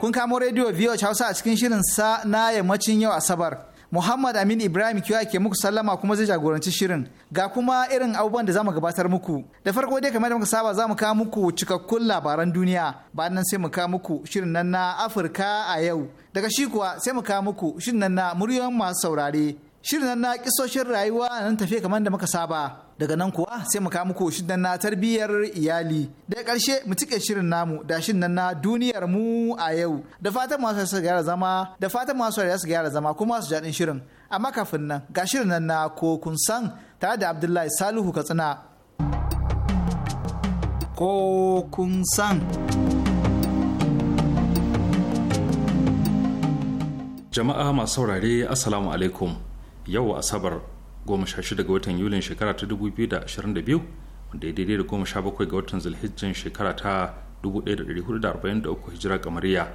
kun kamo rediyo VOH Hausa a cikin shirin sa na yammacin yau Asabar. Muhammad Amin Ibrahim kiwa ke muku sallama kuma zai jagoranci shirin. Ga kuma irin abubuwan da zamu gabatar muku. Da farko dai kamar da muka saba zamu kawo muku cikakkun labaran duniya. Bayan nan sai mu kawo muku shirin nan na Afirka a yau. Daga shi kuwa sai mu kawo muku shirin nan na muryoyin masu saurare. Shirin nan na kisoshin rayuwa nan tafiya kamar da muka saba. daga nan kuwa sai mu kawo muku shirin na tarbiyyar iyali daga ƙarshe mu cike shirin namu da shirin nan na duniyar mu a yau da fatan masu su gyara zama da fatan masu su gyara zama kuma su jaɗin shirin amma kafin nan ga shirin nan na ko kun san tare da abdullahi salihu katsina ko kun san jama'a masu saurare assalamu alaikum yau asabar goma sha shida ga watan yulin shekara ta dubu biyu da ashirin da biyu wanda ya daidai da goma sha bakwai ga watan zulhijjin shekara ta dubu ɗaya da ɗari da arba'in da uku hijira kamariya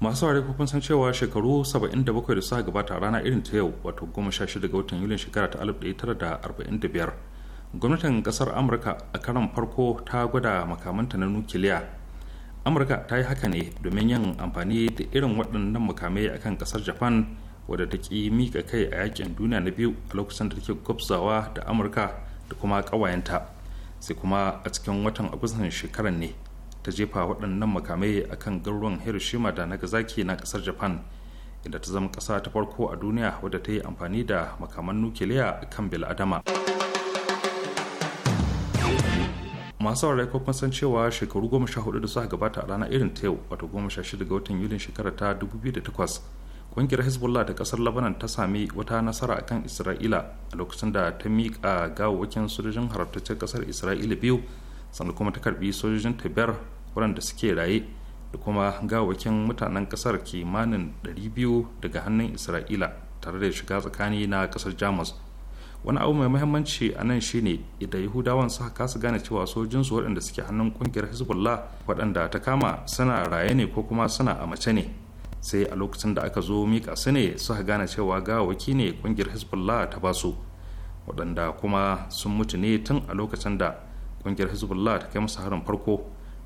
masu ware kufin san cewa shekaru saba'in da bakwai da suka gabata rana irin ta yau wato goma sha shida ga watan yulin shekara ta alif ɗaya tara da arba'in da biyar gwamnatin kasar amurka a karon farko ta gwada makamanta na nukiliya amurka ta yi haka ne domin yin amfani da irin waɗannan makamai akan kasar japan wadda ta ki mika kai a yakin duniya na biyu a lokacin da take gwabzawa da amurka da kuma ƙawayenta sai kuma a cikin watan agustan shekarar ne ta jefa waɗannan makamai akan garuruwan hiroshima da nagasaki na ƙasar japan inda ta zama ƙasa ta farko a duniya wadda ta yi amfani da makaman nukiliya kan bil'adama masu wa raikon kun cewa shekaru goma sha hudu da suka gabata a rana irin ta yau wato goma sha shida ga watan yulin shekara ta 2008 kungiyar hezbollah ta kasar labanan ta sami wata nasara a kan isra'ila a lokacin da ta miƙa gawawakin sojojin haramtaccen kasar isra'ila biyu sannan kuma ta karbi sojojin tabar waɗanda suke raye da kuma gawawakin mutanen kasar kimanin 200 daga hannun isra'ila tare da shiga tsakani na kasar jamus wani abu mai mahimmanci a nan shine idan yahudawan suka kasa gane cewa sojinsu waɗanda suke hannun kungiyar hezbollah waɗanda ta kama suna raye ne ko kuma suna a mace ne sai a lokacin da aka zo mika su ne suka gane cewa gawaki ne kungiyar hezbollah ta basu waɗanda kuma sun mutu ne tun a lokacin da kungiyar hezbollah ta kai musu harin farko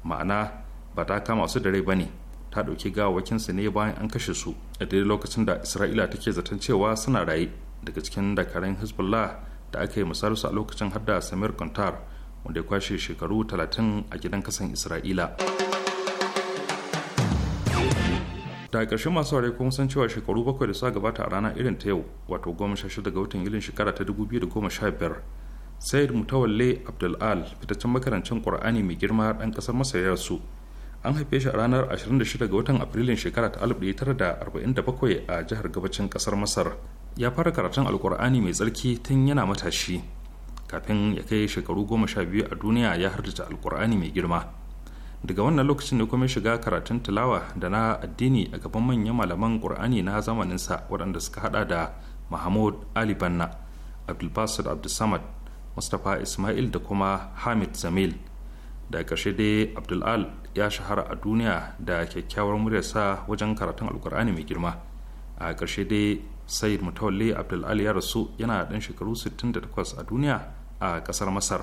ma'ana ba ta kama su da rai ba ne ta ɗauki gawakinsu ne bayan an kashe su a daidai lokacin da isra'ila take zaton cewa suna raye daga cikin dakarun hezbollah da aka yi misali su a lokacin hadda samir kantar wanda ya kwashe shekaru talatin a gidan kasan isra'ila da ƙarshe masu ware kuma san cewa shekaru bakwai da suka gabata a rana irin ta yau wato goma sha shida ga watan yulin shekara ta dubu biyu da goma sha biyar said mutawalle abdul'al fitaccen makarancin qur'ani mai girma ɗan ƙasar masar ya rasu an haife shi a ranar 26 ga watan afrilun shekara ta 1947 a jihar gabacin kasar masar ya fara karatun alkur'ani mai tsarki tun yana matashi kafin ya kai shekaru goma sha biyu a duniya ya harjata alkur'ani mai girma daga wannan lokacin ne kuma shiga karatun tilawa da na addini a gaban manyan malaman qur'ani na zamanin sa waɗanda suka hada da mahmud ali banna abdulbasir abdulsamad mustapha ismail da kuma hamid zamil da ƙarshe dai abdulal ya shahara a duniya da kyakkyawar muryarsa wajen karatun alkur'ani mai girma a ƙarshe dai sayid mutawalli abdulal ya rasu yana ɗan shekaru 68 a duniya a ƙasar masar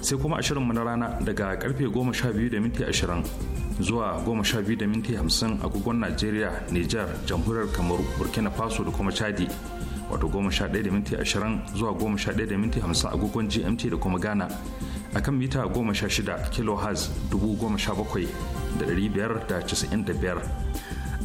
sai kuma ashirin mu na rana daga karfe 12.20 zuwa 12.50 a kogon agogon Najeriya, Nijar, Jamhuriyar Kamaru, Burkina Faso da kuma Chadi. Wato 11.20 zuwa 11.50 a minti agogon GMT da kuma Ghana. A kan mita 16 kHz 17,595.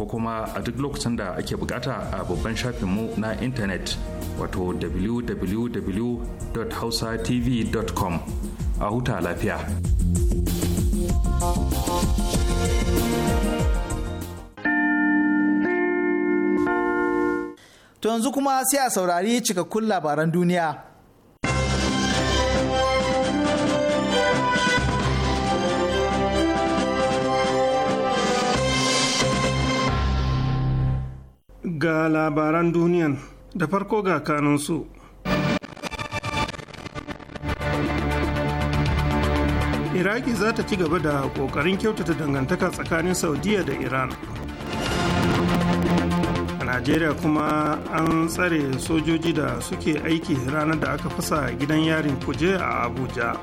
ko kuma a duk lokacin da ake bukata a babban shafinmu na intanet wato www.hausatv.com a huta lafiya. To yanzu kuma sai a saurari cikakkun labaran duniya. ga labaran duniyan da farko ga kanunsu. iraki za ta ci gaba da ƙoƙarin kyautata dangantaka tsakanin saudiya da iran a najeriya kuma an tsare sojoji da suke aiki ranar da aka fasa gidan yarin kuje a abuja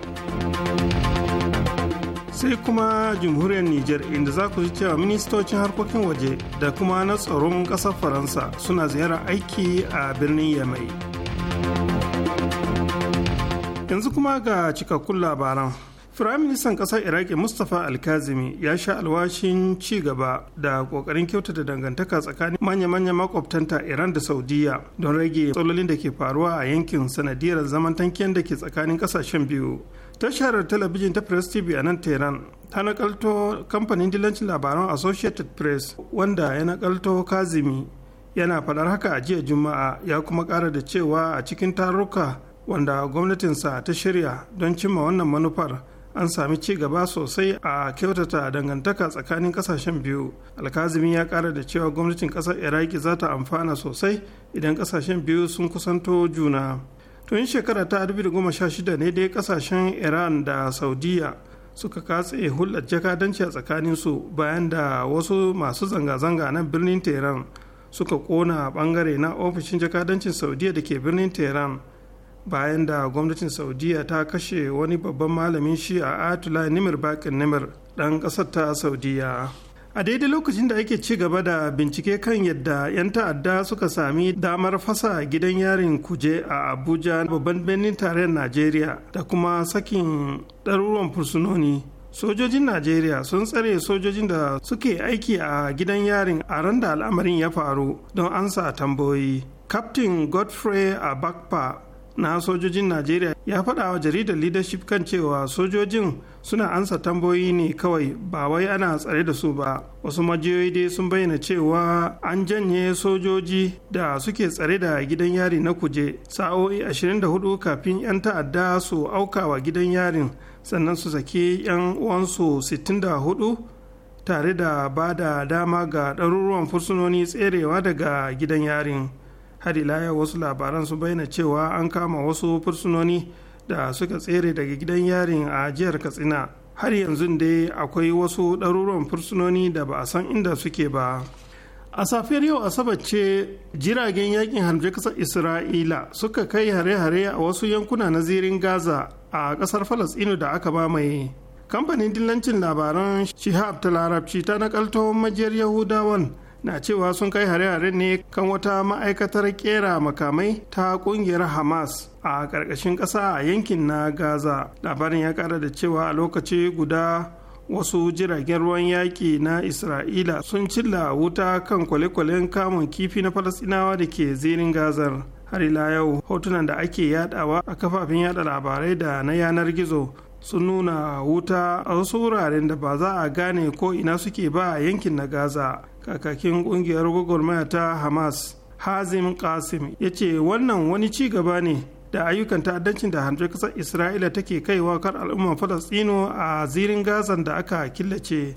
sai kuma jamhuriyar Niger inda za ku ji cewa ministocin harkokin waje da kuma na tsaron ƙasar Faransa suna ziyarar aiki a birnin Yamai. Yanzu kuma ga cikakkun labaran. Firaministan ƙasar Iraki Mustapha Alkazimi ya sha alwashin ci gaba da ƙoƙarin kyautata dangantaka tsakanin manya-manya makwabtanta Iran da Saudiya don rage matsalolin da ke faruwa a yankin sanadiyar zaman tankiyar da ke tsakanin ƙasashen biyu. tashar talabijin ta press tv a nan tehran ta nakalto kamfanin dilancin labaran associated press wanda ya nakalto kazimi yana faɗar haka a jiya juma'a ya kuma ƙara da cewa a cikin taruka wanda gwamnatinsa ta shirya don cimma wannan manufar an sami ci gaba sosai a kyautata dangantaka tsakanin kasashen biyu alkazimi ya kara da cewa gwamnatin kasar iraki za ta amfana sosai idan kasashen biyu sun kusanto juna tun shekara ta 2016 ne dai kasashen iran da saudiya suka katse hulɗar jakadanci a tsakaninsu bayan da wasu masu zanga-zanga na birnin tehran suka kona bangare na ofishin jakadancin saudiya da ke birnin tehran bayan da gwamnatin saudiya ta kashe wani babban malamin shi a atula nimir bakin nimir ɗan ƙasar ta saudiya a daidai lokacin da ake ci gaba da bincike kan yadda 'yan ta'adda suka sami damar fasa gidan yarin kuje a abuja babban birnin tarayyar najeriya da kuma sakin ɗaruruwan fursunoni sojojin najeriya sun tsare sojojin da suke aiki a gidan yarin a randa al'amarin ya faru don ansa tambayoyi captain godfrey abakpa na sojojin najeriya ya faɗa wa jaridar leadership kan cewa sojojin suna ansa tambayoyi ne kawai ba wai ana tsare da su ba wasu majiyoyi dai sun bayyana cewa an janye sojoji da suke tsare da gidan yari na kuje sa'o'i 24 kafin 'yan ta'adda su auka wa gidan yarin sannan su saki 'yan uwansu 64 tare da ba da dama ga ɗaruruwan fursunoni tserewa daga gidan yarin har ila yau wasu labaran su bayyana cewa an kama wasu fursunoni da suka tsere daga gidan yarin a jihar katsina har yanzu dai akwai wasu ɗaruruwan fursunoni da ba a san inda suke ba a safiyar yau asabar ce jiragen yakin harbe kasar isra'ila suka kai hare-hare a wasu yankuna na zirin gaza a kasar falasɗinu da aka mamaye kamfanin dillancin labaran shihab ta larabci ta nakalto majiyar yahudawan na cewa sun kai hare-hare ne kan wata ma'aikatar kera makamai ta kungiyar hamas a ƙarƙashin ƙasa a yankin na gaza labarin ya ƙara da cewa a lokaci guda wasu jiragen ruwan yaƙi na isra'ila sun cilla wuta kan kwale-kwalen kamun kifi na falasɗinawa da ke zirin gazar har ila yau hotunan da ake yadawa a kafafen yada labarai da na yanar gizo sun nuna wuta a wasu wuraren da ba za a gane ko ina suke ba a yankin na gaza kakakin kungiyar gwagwarmaya ta hamas hazim kasim ya ce wannan wani ci gaba ne da ayyukan ta'addancin da hanjar kasar isra'ila take kaiwa kar al'umman falastino a zirin gazan da aka killace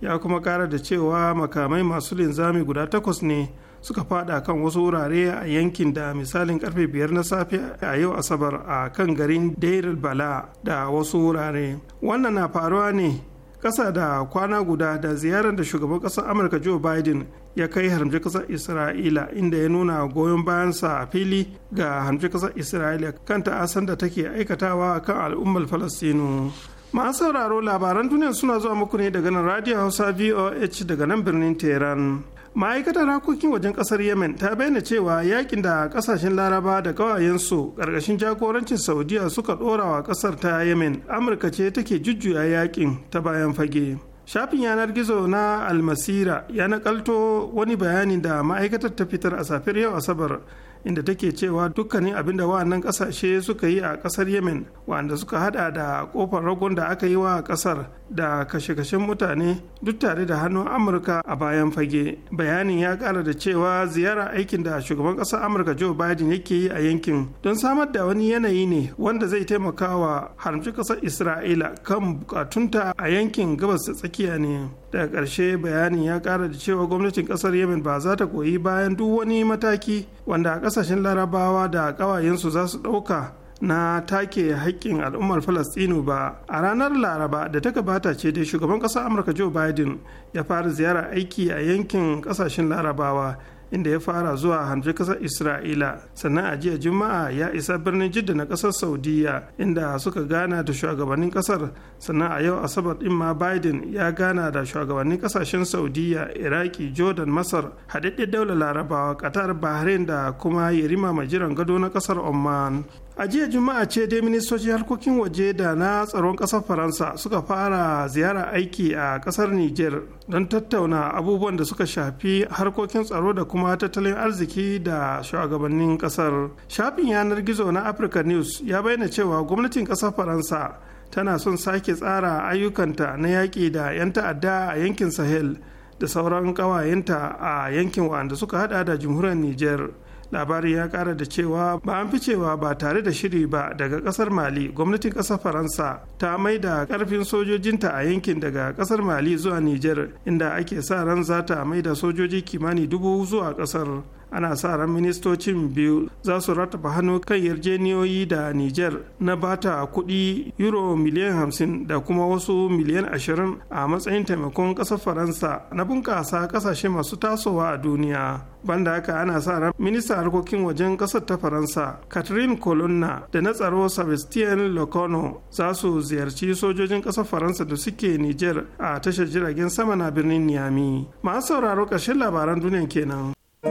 ya kuma kara da cewa makamai masu linzami guda takwas ne suka fada kan wasu wurare a yankin da misalin karfe biyar na safe a yau asabar a kan garin deir bala da wasu wurare wannan na faruwa ne ƙasa da kwana guda da ziyarar da shugaban ƙasar amurka joe biden ya kai harmji ƙasar isra'ila inda ya nuna goyon bayansa a fili ga harmji ƙasar isra'ila kan ta'asan da take aikatawa kan al'ummar falastinu masu sauraro labaran duniya suna zuwa muku ne daga nan radio hausa voh daga nan birnin tehran ma'aikatar harkokin wajen kasar yemen ta bayyana cewa yakin da kasashen laraba da kawayensu ƙarƙashin jagorancin saudiya suka ɗora wa ƙasar ta yemen amurka ce take jujjuya yakin ta bayan fage shafin yanar gizo na almasira ya nakalto wani bayani da ma'aikatar ta fitar a safiyar yau asabar inda take cewa dukkanin abin da wa'annan kasashe suka yi a kasar yemen wa'anda suka hada da kofar ragon da aka yi wa kasar da kashe-kashen mutane duk tare da hannun amurka a bayan fage bayanin ya kara da cewa ziyara aikin da shugaban ƙasar amurka joe biden yake yi a yankin don samar da wani yanayi ne wanda zai taimaka wa haramci ƙasar isra'ila kan bukatunta a yankin gabas da tsakiya ne daga ƙarshe bayanin ya kara da cewa gwamnatin ƙasar yemen ba za ta koyi bayan duk wani mataki wanda ƙasashen larabawa da ƙawayensu za su ɗauka na take haƙƙin al'ummar falastinu ba a ranar laraba da ta gabata ce dai shugaban ƙasar amurka joe biden ya fara ziyara aiki a yankin ƙasashen larabawa inda ya fara zuwa hamshe ƙasar isra'ila sannan a jiya juma'a ya isa birnin jidda na ƙasar saudiya inda suka gana da shugabannin ƙasar sannan a yau asabar din ma biden ya gana da shugabannin ƙasashen saudiya iraki jordan masar haɗaɗɗen daular larabawa qatar bahrain da kuma yarima mai jiran gado na ƙasar oman a jiya juma'a ce dai ministoci harkokin waje da na tsaron ƙasar faransa suka fara ziyara aiki a ƙasar niger don tattauna abubuwan da suka shafi harkokin tsaro da kuma tattalin arziki da shugabannin ƙasar shafin yanar gizo na africa news ya bayyana cewa gwamnatin ƙasar faransa tana son sake tsara ayyukanta na yaƙi da 'yan ta'adda a yankin sahel da sauran ƙawayenta a yankin wa'anda suka hada da jamhuriyar niger labari ya kara da cewa ba an fi cewa ba tare da shiri ba daga kasar mali gwamnatin kasar faransa ta mai da karfin sojojinta a yankin daga kasar mali zuwa niger inda ake sa ran za ta mai da sojoji kimani dubu zuwa kasar ana sa ran ministocin biyu za su rattaba hannu kan yarjeniyoyi da niger na bata kuɗi euro miliyan 50 da kuma wasu miliyan 20 a matsayin taimakon ƙasar faransa na bunƙasa ƙasashe masu tasowa a duniya banda haka ana sa ran minista harkokin wajen ƙasar ta faransa catherine colonna da na tsaro sebastien locono za su ziyarci sojojin ƙasar faransa da suke niger a tashar jiragen sama na birnin niami masu sauraro ƙarshen labaran duniya kenan To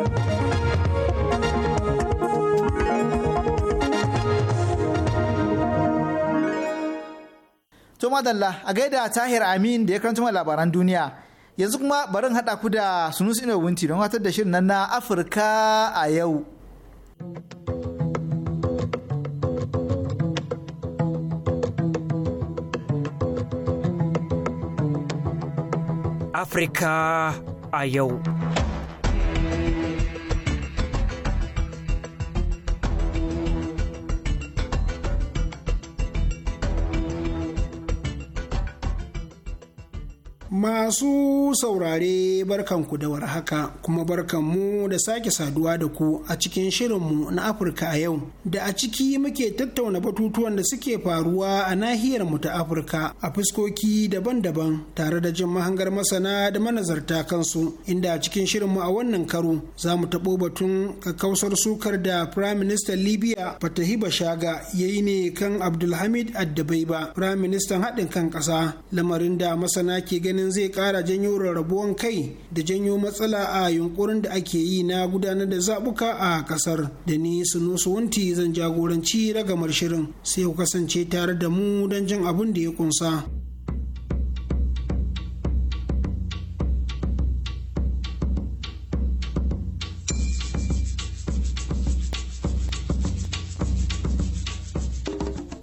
madalla a gaida Tahir Amin da ya karanta mana labaran duniya. Yanzu kuma barin haɗa ku da Sunusi Inuwinti don watar da shirin nan na Afirka a yau. Afirka a yau. Masu saurare barkanku da warhaka kuma barkanmu da sake saduwa da ku a cikin shirinmu na Afirka a yau da a ciki muke tattauna batutuwan da suke faruwa a nahiyar mu ta Afirka a fuskoki daban-daban tare da jin mahangar masana da manazarta kansu inda a cikin shirinmu a wannan karo za mu taɓo batun kakkausar sukar da Prime Minister Libya Fatahi Bashaga ya yi ne kan Abdulhamid ba Prime minister haɗin kan ƙasa lamarin da masana ke ganin hakan zai kara janyo rarrabuwan kai da janyo matsala a yunkurin da ake yi na gudanar da zabuka a kasar da ni sunusu wunti zan jagoranci ragamar shirin sai ku kasance tare da mu don jin abin da ya kunsa.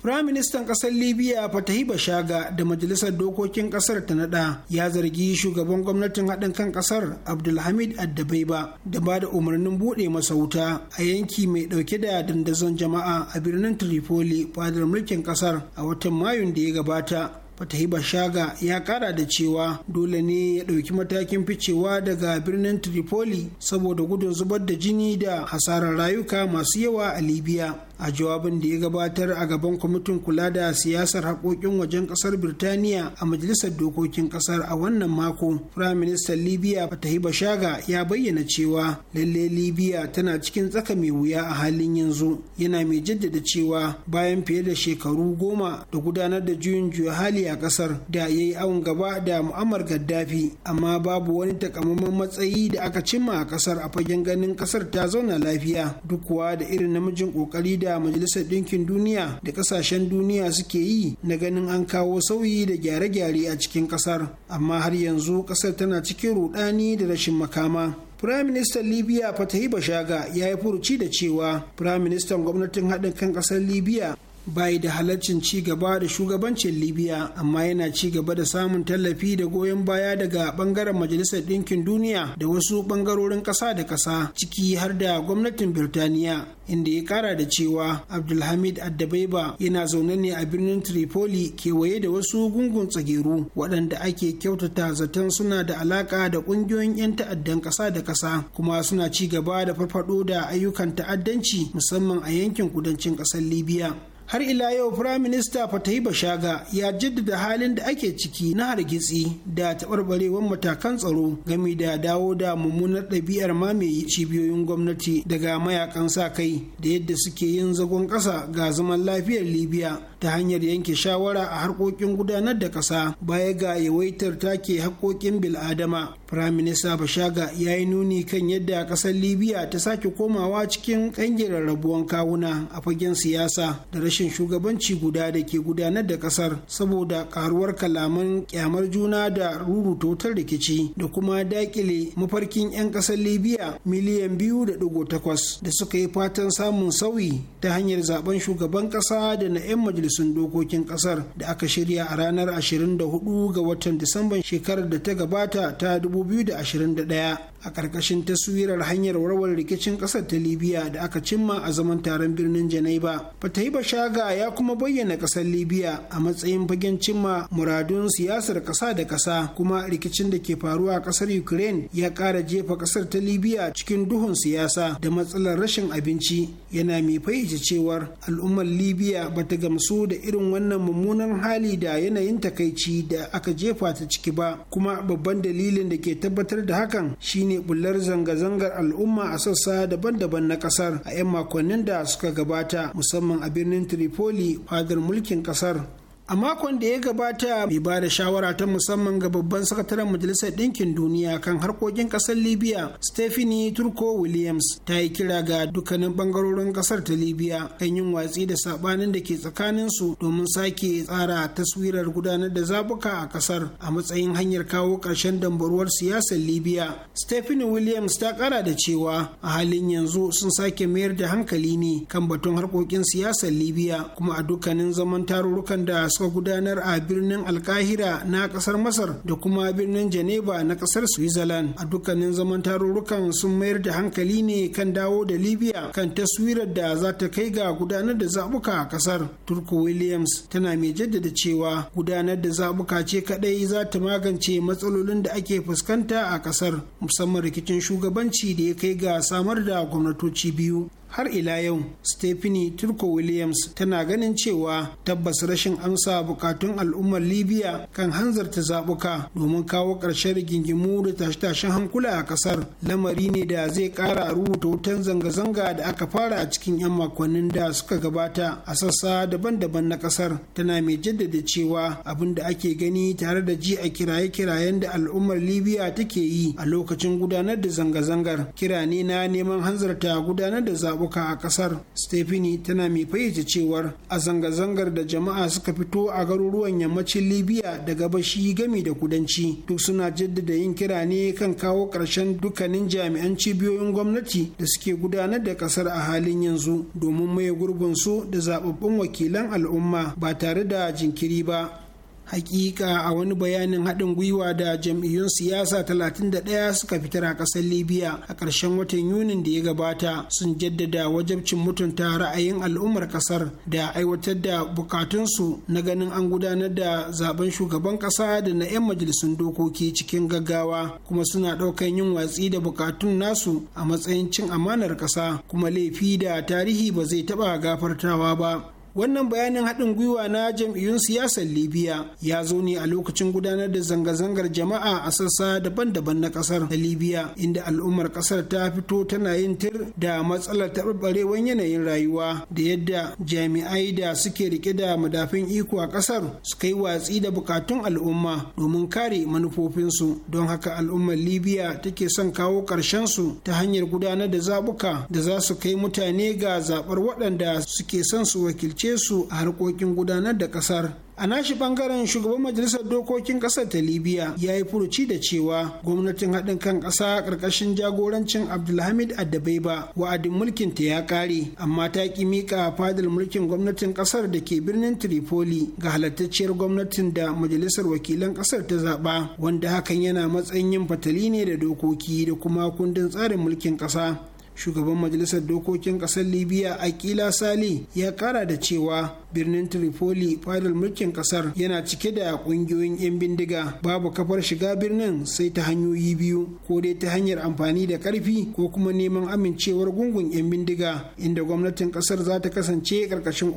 Firaministan ƙasar Libya Fatahi Bashaga da Majalisar Dokokin ƙasar ta naɗa ya zargi shugaban gwamnatin haɗin kan ƙasar Abdulhamid Addabaiba da ba da umarnin buɗe masa wuta a yanki mai ɗauke da dandazon jama'a a birnin Tripoli fadar mulkin ƙasar a watan Mayun da ya gabata. Fatahiba Shaga ya kara da cewa dole ne ya ɗauki matakin ficewa daga birnin Tripoli saboda gudun zubar da jini da hasarar rayuka masu yawa a Libya. a jawabin da ya gabatar a gaban kwamitin kula da siyasar haƙoƙin wajen ƙasar birtaniya a majalisar dokokin ƙasar a wannan mako prime minister libya fatahi bashaga ya bayyana cewa lalle libya tana cikin tsaka mai wuya a halin yanzu yana mai jaddada cewa bayan fiye da shekaru goma da gudanar da juyin juya hali a ƙasar da ya yi awon gaba da mu'amar gaddafi amma babu wani takamaiman matsayi da aka cimma a ƙasar a fagen ganin ƙasar ta zauna lafiya duk kuwa da irin namijin ƙoƙari da majalisar ɗinkin duniya da ƙasashen duniya suke yi na ganin an kawo sauyi da gyare-gyare a cikin ƙasar amma har yanzu ƙasar tana cikin ruɗani da rashin makama Firaministan Libya Fatahi Bashaga ya yi furuci da cewa Firaministan gwamnatin haɗin kan ƙasar Libya bai da halaccin ci gaba da shugabancin libya amma yana ci gaba da samun tallafi da goyon baya daga bangaren majalisar ɗinkin duniya da wasu bangarorin ƙasa da ƙasa ciki har da gwamnatin birtaniya inda ya kara da cewa abdulhamid addabaiba yana zaune ne a birnin tripoli kewaye da wasu gungun tsageru waɗanda ake kyautata zaton suna da alaƙa da ƙungiyoyin 'yan ta'addan ƙasa da ƙasa kuma suna ci gaba da farfaɗo da ayyukan ta'addanci musamman a yankin kudancin ƙasar libya har ila yau firaminista fatahiba shaga ya jaddada halin da ake ciki na hargitsi da taɓarɓarewar matakan tsaro gami da dawo da mummunar ɗabi'ar mamaye cibiyoyin gwamnati daga mayakan sa kai da yadda suke yin zagon ƙasa ga zaman lafiyar libya ta hanyar yanke shawara a harkokin gudanar da ƙasa baya ga yawaitar take haƙoƙin bil'adama firaminista bashaga ya yi nuni kan yadda ƙasar libya ta sake komawa cikin ƙangiyar rabuwan kawuna a fagen siyasa da rashin shugabanci guda da ke gudanar da ƙasar saboda karuwar kalaman ƙyamar juna da rurutotar rikici da kuma dakile mafarkin 'yan ƙasar libya miliyan biyu da ɗigo takwas da suka yi fatan samun sauyi ta hanyar zaben shugaban ƙasa da na 'yan majalisun majalisun dokokin kasar da aka shirya a ranar 24 ga watan disamban shekarar da ta gabata ta 2021 a ƙarƙashin taswirar hanyar warwar rikicin ƙasar ta libya da aka cimma a zaman taron birnin janaiba fataiba bashaga ya kuma bayyana ƙasar libya a matsayin fagen cimma muradun siyasar ƙasa da ƙasa kuma rikicin da ke faruwa a ƙasar ukraine ya ƙara jefa ƙasar ta libya cikin duhun siyasa da matsalar rashin abinci yana mai fahimci cewar al'ummar libya ba ta gamsu da irin wannan mummunan hali da yanayin takaici da aka jefa ta ciki ba kuma babban dalilin da ke tabbatar da hakan shine ne bullar zanga-zangar al'umma a sassa daban-daban na kasar a 'yan makonnin da suka gabata musamman a birnin tripoli fadar mulkin kasar a makon da ya gabata mai ba da shawara ta musamman ga babban sakataren majalisar ɗinkin duniya kan harkokin ƙasar libya stephanie turko williams ta yi kira ga dukkanin ɓangarorin ƙasar ta libya kan yin watsi da saɓanin da ke tsakanin su domin sake tsara taswirar gudanar da zabuka a ƙasar a matsayin hanyar kawo ƙarshen dambaruwar siyasar libya stephanie williams ta ƙara da cewa a halin yanzu sun sake mayar da hankali ne kan batun harkokin siyasar libya kuma a dukkanin zaman tarurrukan da suka gudanar a birnin alkahira na kasar masar da kuma birnin geneva na kasar switzerland a dukkanin zaman tarurrukan sun mayar da hankali ne kan dawo da libya kan taswirar da za ta kai ga gudanar da zabuka a kasar Turko williams tana mai jaddada cewa gudanar da zabuka ce kadai za ta magance matsalolin da ake fuskanta a kasar musamman rikicin shugabanci da ya kai ga samar da gwamnatoci biyu har ila yau stephanie turko williams tana ganin cewa tabbas rashin amsa bukatun al'ummar libya kan hanzarta zabuka domin kawo ƙarshen rigingimu da tashe-tashen hankula a ƙasar lamari ne da zai ƙara rubuta wutan zanga-zanga da aka fara a cikin 'yan makonnin da suka gabata a sassa daban-daban na ƙasar tana mai jaddada cewa abin da ake gani tare da ji a kiraye-kirayen da al'ummar libya take yi a lokacin gudanar da zanga-zangar kira ne na neman hanzarta gudanar da zaɓuka zaɓuka a ƙasar stephanie tana mai fayyace cewar a zanga-zangar da jama'a suka fito a garuruwan yammacin libya da gabashi gami da kudanci duk suna jaddada yin kira ne kan kawo ƙarshen dukkanin jami'an cibiyoyin gwamnati da suke gudanar da ƙasar a halin yanzu domin maye gurbinsu da zaɓaɓɓun wakilan al'umma ba tare da jinkiri ba hakika a wani bayanin haɗin gwiwa da jam'iyyun siyasa 31 suka fitar a ƙasar libya a ƙarshen watan yunin da ya gabata sun jaddada wajabcin mutunta ra'ayin al'ummar ƙasar da aiwatar da bukatunsu na ganin an gudanar da zaben shugaban ƙasa da na 'yan majalisun dokoki cikin gaggawa kuma suna ɗaukan yin watsi da bukatun nasu a matsayin cin amanar ƙasa kuma laifi da tarihi ba zai taɓa gafartawa ba wannan bayanin haɗin gwiwa na jam'iyyun siyasar libiya ya zo ne a lokacin gudanar da zanga-zangar jama'a a sassa daban-daban na ƙasar da libiya inda al'ummar ƙasar ta fito tana yin tir da matsalar taɓarɓarewar yanayin rayuwa da yadda jami'ai da suke rike da madafin iko a ƙasar suka yi watsi da bukatun al'umma domin kare manufofinsu don haka al'ummar libiya take son kawo ƙarshen su ta hanyar gudanar da zaɓuka da za su kai mutane ga zaɓar waɗanda suke son su wakilci wakilce su a harkokin gudanar da kasar a nashi bangaren shugaban majalisar dokokin kasar ta libya ya yi furuci da cewa gwamnatin haɗin kan ƙasa ƙarƙashin jagorancin abdulhamid addabaiba wa'adin mulkin ta ya ƙare amma ta ki miƙa fadar mulkin gwamnatin ƙasar da ke birnin tripoli ga halattacciyar gwamnatin da majalisar wakilan ƙasar ta zaɓa wanda hakan yana matsayin yin fatali ne da dokoki da kuma kundin tsarin mulkin ƙasa shugaban majalisar dokokin kasar libya akila sali ya kara da cewa birnin tripoli fadar mulkin kasar yana cike da kungiyoyin 'yan bindiga babu kafar shiga birnin sai ta hanyoyi biyu ko dai ta hanyar amfani da karfi ko kuma neman amincewar gungun 'yan bindiga inda gwamnatin kasar za ta kasance karkashin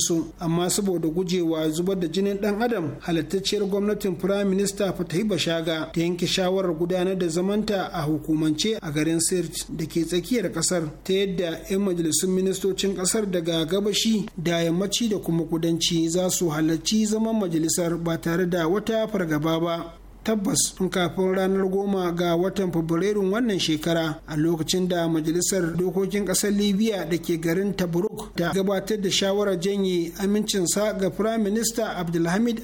su amma saboda gujewa zubar da jinin dan adam halittacciyar gwamnatin prime minister fatahi bashaga ta yanke shawarar gudanar da zamanta a hukumance a garin sirt da ke tsakiyar da kasar ta yadda 'yan majalisun ministocin kasar daga gabashi da yammaci da kuma kudanci za su halarci zaman majalisar ba tare da wata fargaba ba tabbas kafin ranar goma ga watan fabrairun wannan shekara a lokacin da majalisar dokokin ƙasar libya da ke garin tabruk ta gabatar da shawarar janye amincinsa ga firayim minista abdulhamid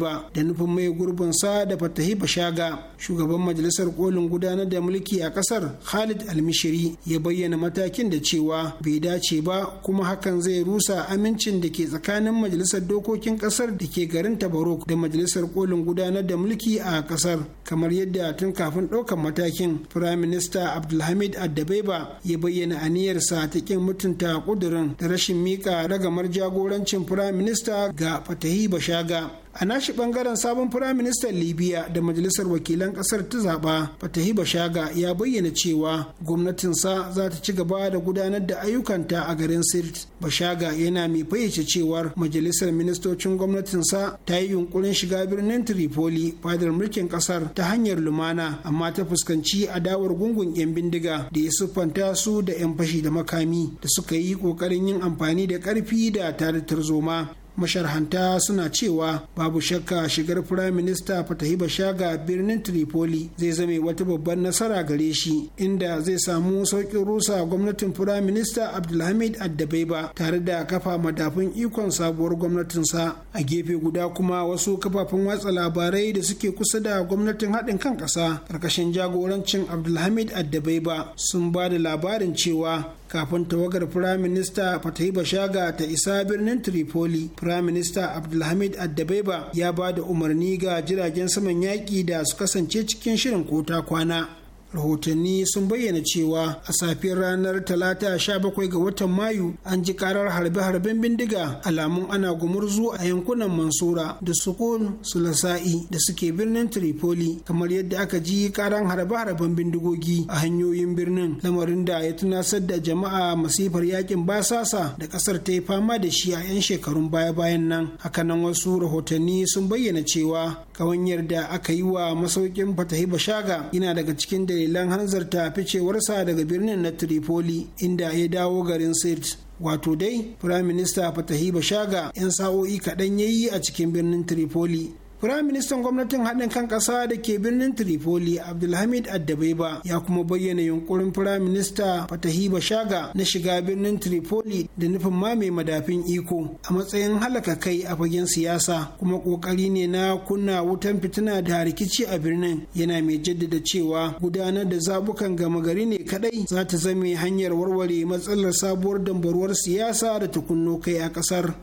ba da nufin mai gurbinsa da fatahi bashaga shugaban majalisar kolin gudanar da mulki a ƙasar khalid almishiri ya bayyana matakin da cewa bai dace ba kuma hakan zai rusa amincin da ke tsakanin majalisar dokokin ƙasar da ke garin tabruk da majalisar kolin gudanar da mulki a a kasar kamar yadda tun kafin ɗaukan matakin prime minista abdulhamid addabaiba ya bayyana aniyarsa ta kin mutunta kudurin da rashin mika ragamar jagorancin prime minista ga fatahi bashaga a nashi bangaren sabon firaministan libya da majalisar wakilan kasar ta zaba fatahi bashaga ya bayyana cewa gwamnatinsa za ta ci gaba da gudanar da ayyukanta a garin sirt bashaga yana mai fayyace cewar majalisar ministocin gwamnatinsa ta yi yunkurin shiga birnin tripoli fadar mulkin kasar ta hanyar lumana amma ta fuskanci adawar gungun 'yan bindiga da ya siffanta su da 'yan fashi da makami da suka yi kokarin yin amfani da karfi da tarzoma masharhanta suna cewa babu shakka shigar firayim minista fatahi bashaga birnin tripoli zai zame wata babban nasara gare shi inda zai samu sauƙin rusa gwamnatin firayim minista abdulhamid addabaiba tare da kafa madafun ikon sabuwar gwamnatinsa a gefe guda kuma wasu kafafen watsa labarai da suke kusa da gwamnatin haɗin kan ƙasa ƙarƙashin jagorancin abdulhamid addabaiba sun ba da labarin cewa kafin tawagar firayim minista fatahi bashaga ta isa birnin tripoli firaminista abdulhamid addabaiba ya ba da umarni ga jiragen saman yaƙi da su kasance cikin shirin kota kwana rahotanni sun bayyana cewa a safiyar ranar talata sha bakwai ga watan mayu an ji karar harbe-harben bindiga alamun ana gumurzu a yankunan mansura da sukun sulasa'i da suke birnin tripoli kamar yadda aka ji karan harbe-harben bindigogi a hanyoyin birnin lamarin da ya tunasar da jama'a masifar yakin basasa da kasar ta yi fama da shi a 'yan shekarun baya-bayan nan hakanan wasu rahotanni sun bayyana cewa kawan da aka yi wa masaukin fatahi bashaga yana daga cikin dalilan hanzarta ficewarsa daga birnin na tripoli inda ya dawo garin sirt wato dai firaminista fatahi bashaga 'yan sa'o'i kaɗan ya yi a cikin birnin tripoli Firayim Ministan gwamnatin haɗin kan ƙasa da ke birnin Tripoli Abdulhamid Addabaiba ya kuma bayyana yunkurin Minista Fatahi Bashaga na shiga birnin Tripoli da nufin mame madafin iko a matsayin halaka kai a fagen siyasa kuma ƙoƙari ne na kunna wutan fitina da rikici a birnin yana mai jaddada cewa gudanar da zabukan gama gari ne kaɗai za ta zame hanyar warware matsalar sabuwar dambaruwar siyasa da ta kunno kai a ƙasar.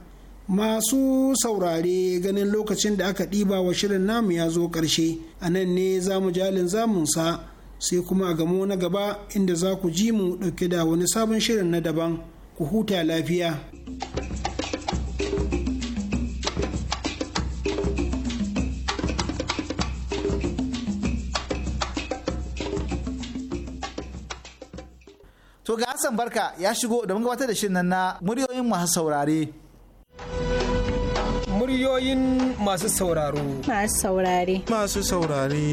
Masu saurare ganin lokacin da aka ɗiba wa shirin namu ya zo ƙarshe, a nan ne za mu jalin zamunsa sai kuma a gamo na gaba inda za ku ji mu ɗauke da wani sabon shirin na daban, ku huta lafiya. To ga Hassan Barka ya shigo mun gabatar da shirin na muryoyin masu saurare. Muryoyin masu sauraro. Masu saurare. Masu saurare.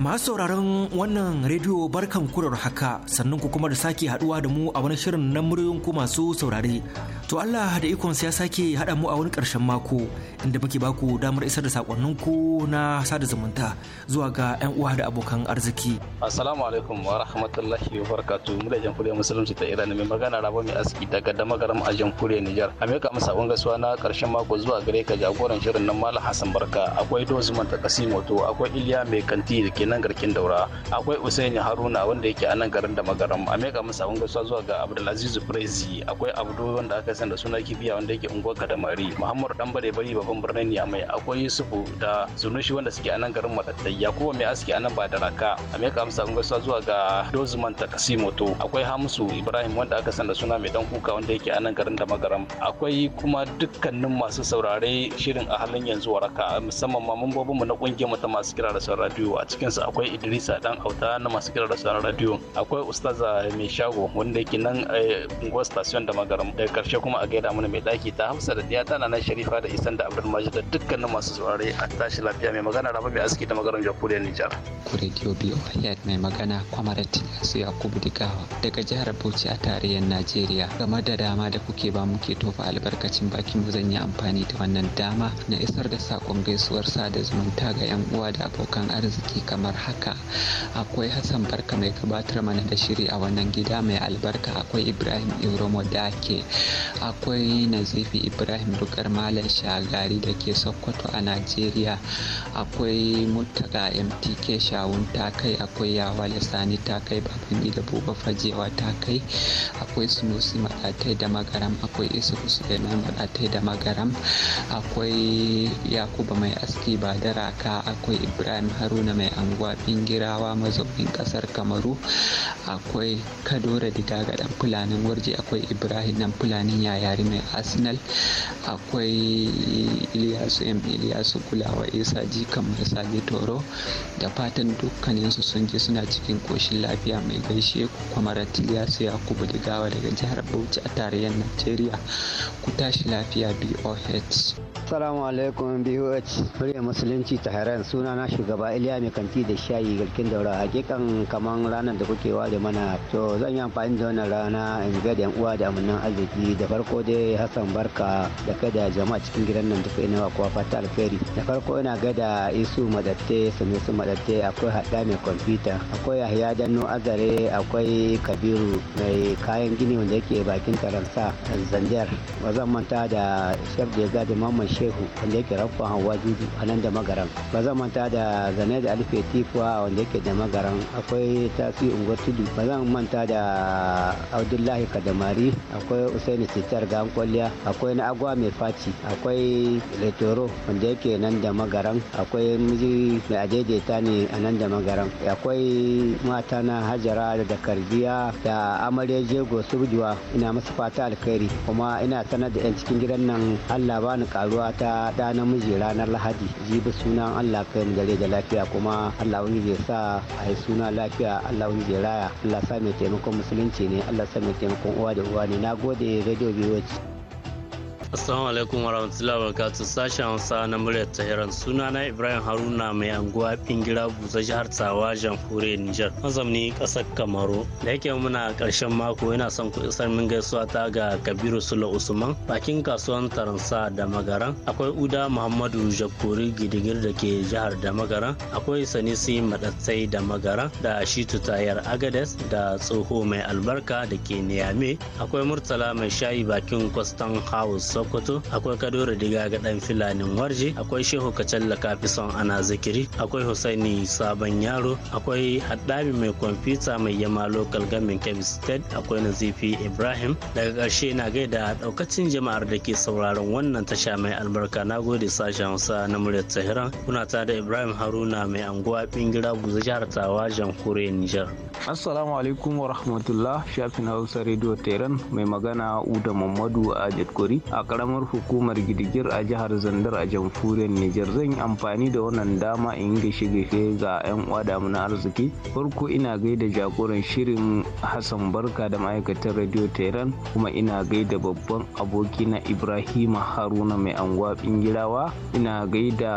Masu sauraron wannan rediyo barkan kurar haka sannan ku kuma da sake haduwa da mu a wani shirin na muryoyin ku masu saurare. To Allah da ikon ya sake haɗa mu a wani ƙarshen mako inda muke baku damar isar da ku na sada zumunta zuwa ga 'yan uwa da abokan arziki. Assalamu alaikum wa rahmatullahi wa barakatuh mu da jamhuriyar musulunci ta Iran mai magana rabo mai aski daga damagaram a jamhuriyar Nijar. A meka masa sakon gaisuwa na ƙarshen mako zuwa gare ka jagoran shirin nan Malam Hassan Barka akwai Dozuman ta Kasimoto akwai Iliya mai kanti da ke nan garkin Daura akwai Usaini Haruna wanda yake a nan garin da magaram a meka masa sakon gaisuwa zuwa ga Abdulaziz Brezi akwai Abdul wanda aka alhassan da suna kibiya wanda yake unguwar kadamari muhammadu dan bare bari babban birnin niyamai akwai yusufu da zunushi wanda suke anan garin matattai yakubu mai aski anan ba da raka a mai kamsa mun gaisuwa zuwa ga dozuman takasimoto akwai hamsu ibrahim wanda aka san da suna mai dan kuka wanda yake anan garin da magaram akwai kuma dukkanin masu saurare shirin a halin yanzu waraka musamman ma mambobin mu na kungiyar mata masu kira da sauran radio a cikin su akwai idrisa dan auta na masu kira da sauran radio akwai ustaza mai shago wanda yake nan a eh, unguwar station da magaram daga karshe kuma kuma a gaida mana mai ɗaki ta Hamsa da diya na nan Sharifa da Isan da Abdul Majid da dukkanin masu saurare a tashi lafiya mai magana Rabi mai aski da magaran a Nijar. Ku rediyo BOHEAD mai magana Kwamarat su Yakubu Digawa daga jihar Bauchi a tarayyar Najeriya game da dama da kuke ba muke tofa albarkacin bakin mu zan yi amfani da wannan dama na isar da sakon gaisuwar sa da zumunta ga 'yan uwa da abokan arziki kamar haka akwai Hassan Barka mai gabatar mana da shiri a wannan gida mai albarka akwai Ibrahim Iromo Dake akwai nazifi ibrahim dukar malam shagari da ke sokoto a najeriya akwai murtala mtk shawun ta kai akwai yawa sani ta kai baban buba fajewa ta kai akwai sunusi maɗatai da magaram akwai isa suleiman maɗatai da magaram akwai yakuba mai aski ba da raka akwai ibrahim haruna mai anguwa bingirawa mazaunin ƙasar kamaru akwai kadora diga ga fulanin warje akwai ibrahim ɗan fulanin yari mai arsenal akwai iliyasu m iliyasu kulawa isa jikan kamar sabi toro da fatan dukkaninsu sun ji suna cikin koshin lafiya mai gaishe ku kwamar ya yakubu digawa daga jihar bauchi a tarayyar nigeria ku tashi lafiya boh Assalamu alaikum BOH Murya Musulunci Tahiran suna na shugaba Iliya mai kanti da shayi garkin daura hakikan kamar ranar da kuke ware mana to zan yi amfani da wannan rana in ga da uwa da amannan arziki da farko dai hassan barka da kai da jama'a cikin gidan nan duka ina kuwa fata alkhairi da farko ina gada isu madatte su madatte akwai hada mai kwamfuta akwai yahya danno azare akwai kabiru mai kayan gini wanda yake bakin taransa zanjar ba zan manta da shaf da mamman shehu wanda yake rafa hawa juju a nan da magaran ba zan manta da zane da alfe tifuwa wanda yake da magaran akwai tasi unguwar tudu ba zan manta da abdullahi kadamari akwai usaini sitar gan kwalliya akwai na agwa mai faci akwai letoro wanda yake nan da magaran akwai miji mai ajejeta ne a nan da magaran akwai mata na hajara da karbiya da amarya jego subjuwa ina masu fata alkhairi kuma ina sanar da yan cikin gidan nan allah bani karuwa ta da namiji ranar lahadi jibi sunan allah kai dare da lafiya kuma allah wani zai sa a yi suna lafiya allah wani zai raya allah sa mai taimakon musulunci ne allah sa mai taimakon uwa da uwa ne na gode radio review it. Assalamu alaikum warahmatullahi wabarakatuh sashen Hausa na muryar suna sunana Ibrahim Haruna mai anguwa Fingira Buza jihar Tsawa jamhuriyar Nijar mazamni kasar Kamaru da yake muna karshen mako yana son ku isar min gaisuwa ta ga Kabiru Sula Usman bakin kasuwan Taransa da Magaran akwai Uda Muhammadu Jakuri Gidigir da ke jihar da Magaran akwai Sanisi Madatsai da Magaran da Shitu Tayar Agades da Tsoho mai albarka da ke Niyame akwai Murtala mai shayi bakin Kwastan House sokoto akwai kadoro diga ga dan filanin warje akwai shehu kacalla kafison ana zikiri akwai husaini sabon yaro akwai haddami mai kwamfuta mai yama local government kebbi state akwai nazifi ibrahim daga ƙarshe na gaida daukacin jama'ar da ke sauraron wannan tasha mai albarka na gode sashen hausa na muryar tahiran kuna ta da ibrahim haruna mai anguwa bingira guza jihar tawa jamhuriyar nijar assalamu alaikum wa rahmatullah shafin hausa radio tehran mai magana uda mamadu a jadkori a karamar hukumar gidigir a jihar Zandar a jamhuriyar Niger zan yi amfani da wannan dama in gaishe gaishe ga 'yan uwa da na arziki. Farko ina gaida jagoran shirin Hassan Barka da ma'aikatan Radio Tehran kuma ina gaida babban abokina ibrahim Haruna mai anguwa Bingirawa ina gaida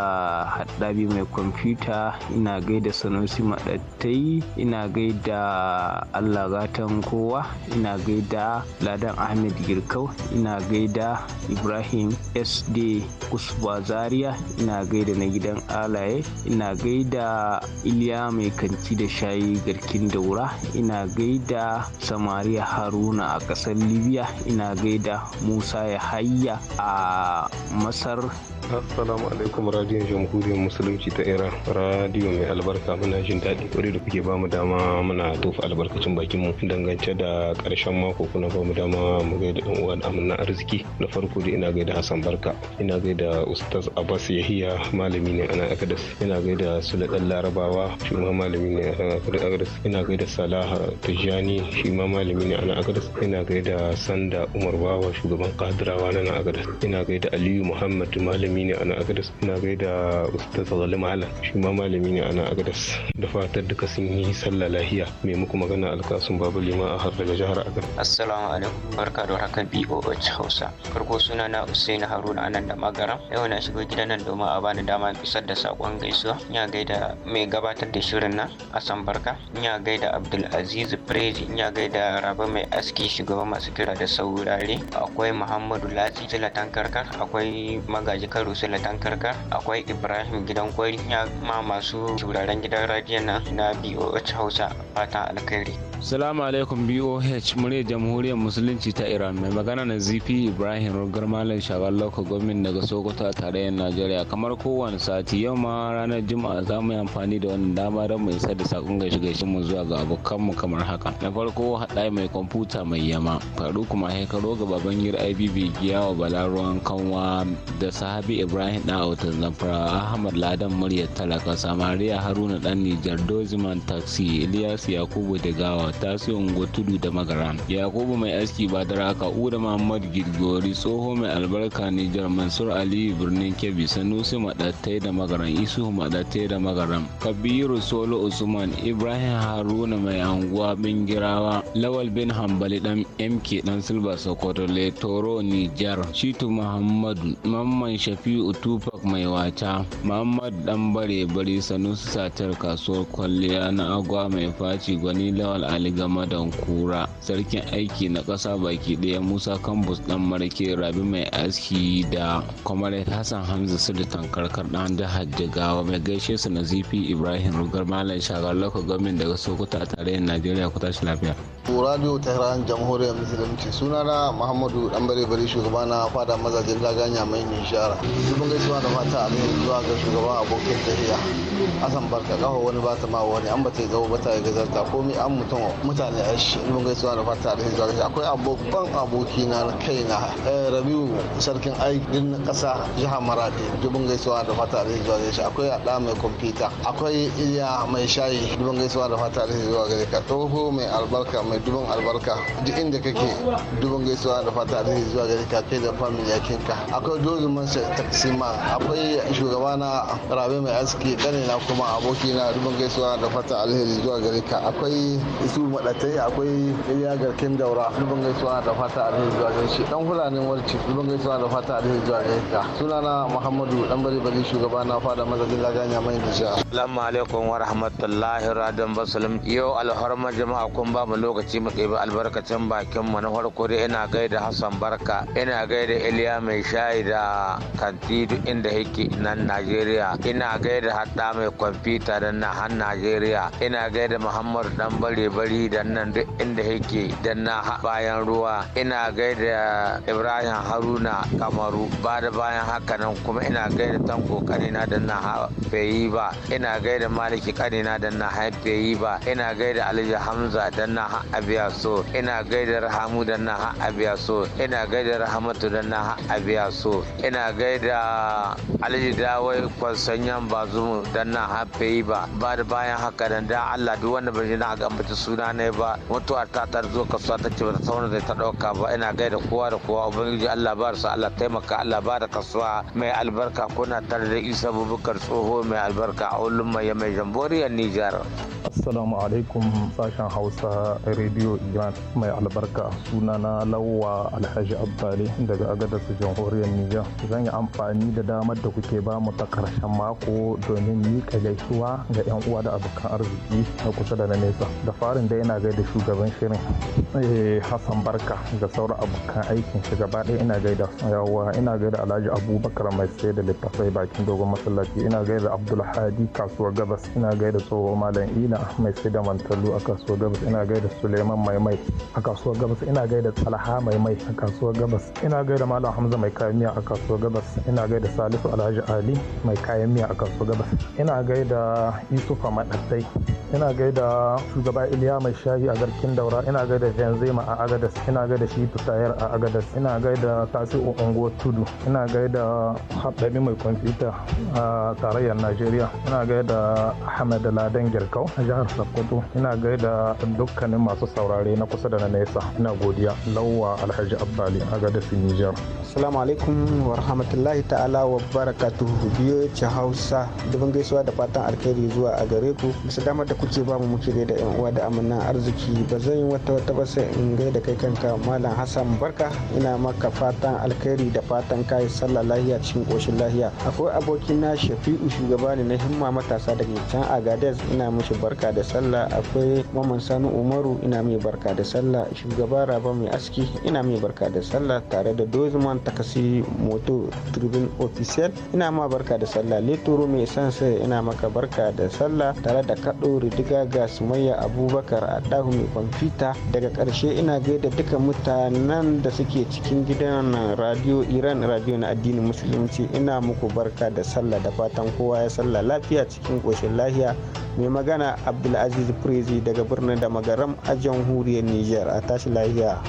Haddabi mai kwamfuta ina gaida Sanusi Madattai ina gaida Allah gatan kowa ina gaida Ladan Ahmed Girkau ina gaida ibrahim sd kusba zaria ina gaida na gidan alaye ina gaida iliya mai kanti da shayi garkin daura ina gaida samariya haruna a ƙasar libya ina gaida musa ya hayya a masar assalamu alaikum radiyon jamhuriyar musulunci ta iran radiyo mai albarka muna jin daɗi kwarai da kuke bamu dama muna tofa albarkacin bakinmu dangance da ƙarshen mako kuna bamu dama mu gaida ɗan uwa da amina arziki na farko farko ina gai da Hassan Barka, ina gai da Ustaz Abbas Yahiya malami ne ana agadas. ina gai da Dan Larabawa shi ma malami ne ana agadas. ina gai da Salah Tijani shi ma malami ne ana agadas. ina gai da Sanda Umar Bawa shugaban Kadirawa na agadas. ina gai da Aliyu Muhammad malami ne ana agadas. ina gai da Ustaz Zalim Alan shi ma malami ne ana agadas. Da fatar duka sun yi sallah lahiya mai muku magana alkasun babu lima a har daga jihar Akadas. Assalamu alaikum barka da warhakan BOH Hausa. Farko suna na Usaini Haruna anan da magaram. Yau na shigo gidan nan domin a bani dama in isar da sakon gaisuwa. Ina gaida mai gabatar da shirin nan Asan Barka. Ina gaida abdul aziz Preji Ina gaida Rabe mai aski shugaban masu kira da saurare. Akwai Muhammadu Lati Silatan Karkar. Akwai Magaji Karo Silatan Karkar. Akwai Ibrahim Gidan Kwari. Ina ma masu shuraren gidan radiyon na na BOH Hausa fatan alkhairi. Salamu alaikum BOH murya jamhuriyar musulunci ta Iran mai magana na Zifi Ibrahim rugar malam shagar lokacin gwamnati daga sokoto a tarayyar najeriya kamar kowane sati yau ma ranar juma'a za mu yi amfani da wannan dama don mu isa da sakon gaishe gaishe mu zuwa ga abokan mu kamar haka na farko haɗa mai kwamfuta mai yama faru kuma karo ga baban gir ibb giyawa balaruwan kanwa da sahabi ibrahim ɗan autan zamfara ahmad ladan muryar talaka samariya haruna ɗan nijar doziman taxi ilyas yakubu da gawa tasiri ungo tudu da magaran yakubu mai aski ba da raka uda muhammad so tsoho mai albarka Nijar Mansur Aliyu birnin Kebbi Sanusi madatai da Magaran Isu madatai da Magaran Kabiru Solo Usman Ibrahim Haruna mai anguwa Bingirawa Lawal bin Hambali dan MK dan Silba Sokoto toro Nijar Shitu Muhammadu Mamman Shafi'u Tupac mai wata Muhammadu dan bare bari Sanusi satar kasuwar kwalliya na agwa mai faci gwani Lawal Ali don Kura Sarkin aiki na ƙasa baki ɗaya Musa Kambus dan Marke rabi mai aski da comrade hassan hamza da karkar dan jihar jigawa mai gaishe su na nazifi ibrahim rugar malam shagar lokacin gwamnati daga sokoto a tarayyar najeriya ku tashi lafiya radio tehran jamhuriyar musulunci na muhammadu danbare bari shugaba na fada mazajen daganya mai shara zubin gaisuwa da mata aminu zuwa ga shugaban abokin tafiya hassan barka kafa wani ba ta ma wani an ba ta zama ba ta yi gazarta komai an mutum mutane a shi zubin gaisuwa da fata da zuwa ga akwai abokan abokina na kaina eh, rabiu sarkin aikin kasa jihar maradi dubin gaisuwa da fata da zuwa gare shi akwai ada mai kwamfuta akwai iya mai shayi dubin gaisuwa da fata da zuwa gare ka toho mai albarka mai dubin albarka duk inda kake dubin gaisuwa da fata da zuwa gare ka kai da famin yakin ka akwai dozin masa taksima akwai shugaba na rabe mai aski kare na kuma aboki na dubin gaisuwa da fata alheri zuwa gare ka akwai su madatai akwai iya garkin daura dubin gaisuwa da fata alheri zuwa gare shi dan hulanin wajen barci dubban gaisuwa da fata da zuwa ga yanka sunana muhammadu dan bari bari shugaba na fada mazajin laganya mai nisha assalamu alaikum wa rahmatullahi radon basalam yau alhorma jama'a kun ba mu lokaci mu ɗebi albarkacin bakin mu na farko dai ina gaida hassan barka ina gaida iliya mai shayi da kanti duk inda yake nan najeriya ina gaida hatta mai kwamfuta da nan har najeriya ina gaida muhammadu dan bari bari da nan duk inda yake da na bayan ruwa ina gaida ibrahim bayan haruna kamaru ba da bayan haka nan kuma ina gaida tanko na da na haife yi ba ina gaida maliki na da na haife yi ba ina gaida alija hamza da na abiya so ina gaida rahamu da na abiya so ina gaida rahamatu da na abiya so ina gaida alija dawai kwasanyan bazu da na haife yi ba ba da bayan haka nan da allah duk wanda bai na ga mutu suna ne ba mutuwa ta tarzo kasuwa ta ce ba ta sauna zai ta dauka ba ina gaida kowa da kowa ubangiji ubangiji Allah ba su Allah taimaka Allah ba da kasuwa mai albarka kuna tare da Isa Bubakar tsoho mai albarka a ulun mai mai jamboriyar Nijar. Assalamu alaikum sashen Hausa Radio Iran mai albarka sunana Lawwa Alhaji Abdali daga Agadas jamhuriyar Nijar. Zan yi amfani da damar da kuke ba mu ta karshen mako domin ni gaisuwa ga 'yan uwa da abokan arziki na kusa da na nesa. Da farin da yana da shugaban shirin eh, Hassan Barka da sauran abokan aikin shi gaba ƙarshe ina gaida yawa ina gaida alhaji abubakar mai sayar da littafai bakin dogon masallaci ina gaida abdulhadi kasuwar gabas ina gaida tsoho malam ina mai sayar da mantalu a kasuwar gabas ina gaida suleiman mai mai a kasuwar gabas ina gaida talha mai mai a kasuwar gabas ina gaida malam hamza mai kayan miya a kasuwar gabas ina gaida salisu alhaji ali mai kayan miya a kasuwar gabas ina gaida yusufa maɗattai ina gaida shugaba iliya mai shayi a garkin daura ina gaida janzema a agadas ina gaida shi tutayar a agadas ina gaida gaida tasi ungo tudu ina gaida haɗari mai kwamfuta a tarayyar najeriya ina gaida ahmed ladan girkau a jihar sokoto ina gaida dukkanin masu saurare na kusa da na nesa ina godiya lauwa alhaji abdali a gadasi nijar assalamu alaikum wa rahmatullahi ta'ala wa barakatu biyo ci hausa dubin gaisuwa da fatan alkhairi zuwa a gare ku bisa damar da kuke ba mu muke gaida yan uwa da amina arziki ba zan yi wata wata ba sai in gaida kai kanka malam hassan barka ina maka ka fatan alkhairi da fatan kayi sallah lahiya cikin koshin lahiya akwai aboki na shafi'u shugaba ne na himma matasa daga can agades ina mishi barka da sallah akwai maman sani umaru ina mai barka da sallah shugaba raba mai aski ina mai barka da sallah tare da dozman takasi moto tribune official ina ma barka da sallah leturo mai sai ina maka barka da sallah tare da kaɗo ridiga ga sumayya abubakar a mai kwamfuta daga ƙarshe ina gaida duka mutanen da suke cikin gidan radio iran radio na addinin musulunci ina muku barka da sallah da fatan kowa ya sallah lafiya cikin ƙoshin lahiya mai magana abdulaziz prezi daga birnin da magaram a jamhuriyar niger a tashi lahiya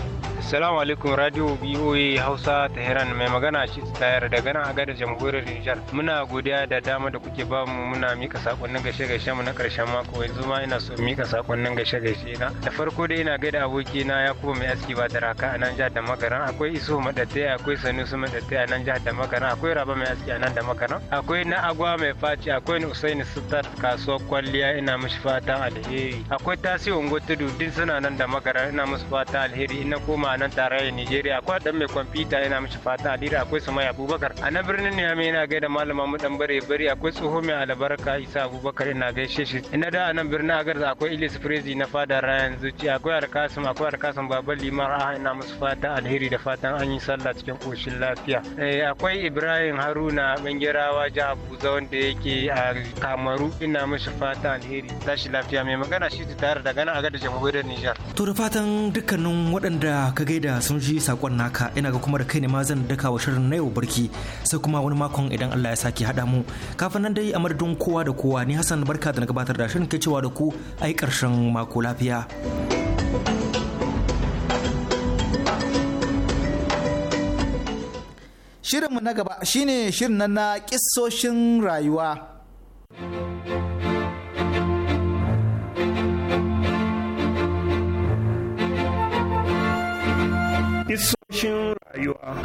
Assalamu alaikum Radio BOA Hausa Tehran mai magana shi tayar daga nan agadar jamhuriyar Nijar. Muna godiya da dama da kuke ba mu muna mika sakonnin gaishe gaishe mu na karshen mako yanzu ma ina so mika sakonnin gaishe gaishe na. Da farko dai ina gaida aboki na kuma mai aski ba raka a nan jihar da makaran akwai Isu madatte akwai Sanusi madatte a nan jihar da makaran akwai Raba mai aski a nan da makaran akwai na Agwa mai faci akwai ni usain Sitar kasuwar kwalliya ina mishi fatan alheri akwai Tasi Ungo Tudu suna nan da makaran ina musu fatan alheri ina koma a nan tarayyar Nigeria akwai dan mai kwamfuta yana mishi fata Adira akwai su mai Abubakar a nan birnin Niamey yana gaida malama mu dan bare bare akwai tsoho mai albarka Isa Abubakar yana gaishe shi ina da a nan birnin Agarza akwai Ilis Prezi na fada Ryan Zuci akwai Arkasim akwai Arkasim Baban Limar a ina musu fata alheri da fatan an yi sallah cikin koshin lafiya eh, akwai Ibrahim Haruna Bangirawa jihar Abuja wanda yake a Kamaru ina mishi fata alheri tashi lafiya mai magana shi tare da gana a gadar jamhuriyar Nijar to da fatan dukkanin waɗanda ka gaida sun ji sakon naka ina ga kuma da kai ne ma zan daka wa shirin na yau barki sai kuma wani makon idan Allah ya saki hada mu kafin nan dai a madadin kowa da kowa ni Hassan barka da na gabatar da shirin ke cewa da ku ai karshen mako lafiya. Shirinmu na gaba shine shirin na kissoshin rayuwa. rayuwa.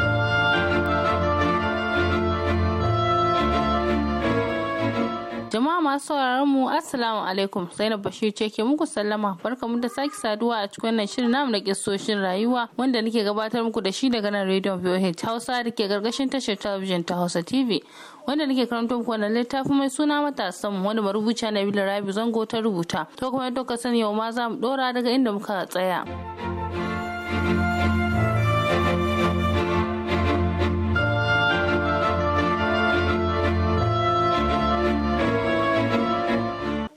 Jama'a masu sauraron mu Assalamu alaikum Zainab Bashir ce ke muku sallama barkamu da sake saduwa a cikin wannan shirin namu da kisoshin rayuwa wanda nake gabatar muku da shi daga nan Radio VOH Hausa da ke gargashin tashar talabijin ta Hausa TV wanda nake karanto muku wannan littafi mai suna matasan wanda marubuciya Nabila Rabi Zango ta rubuta to kuma yadda ka sani yau ma za mu dora daga inda muka tsaya.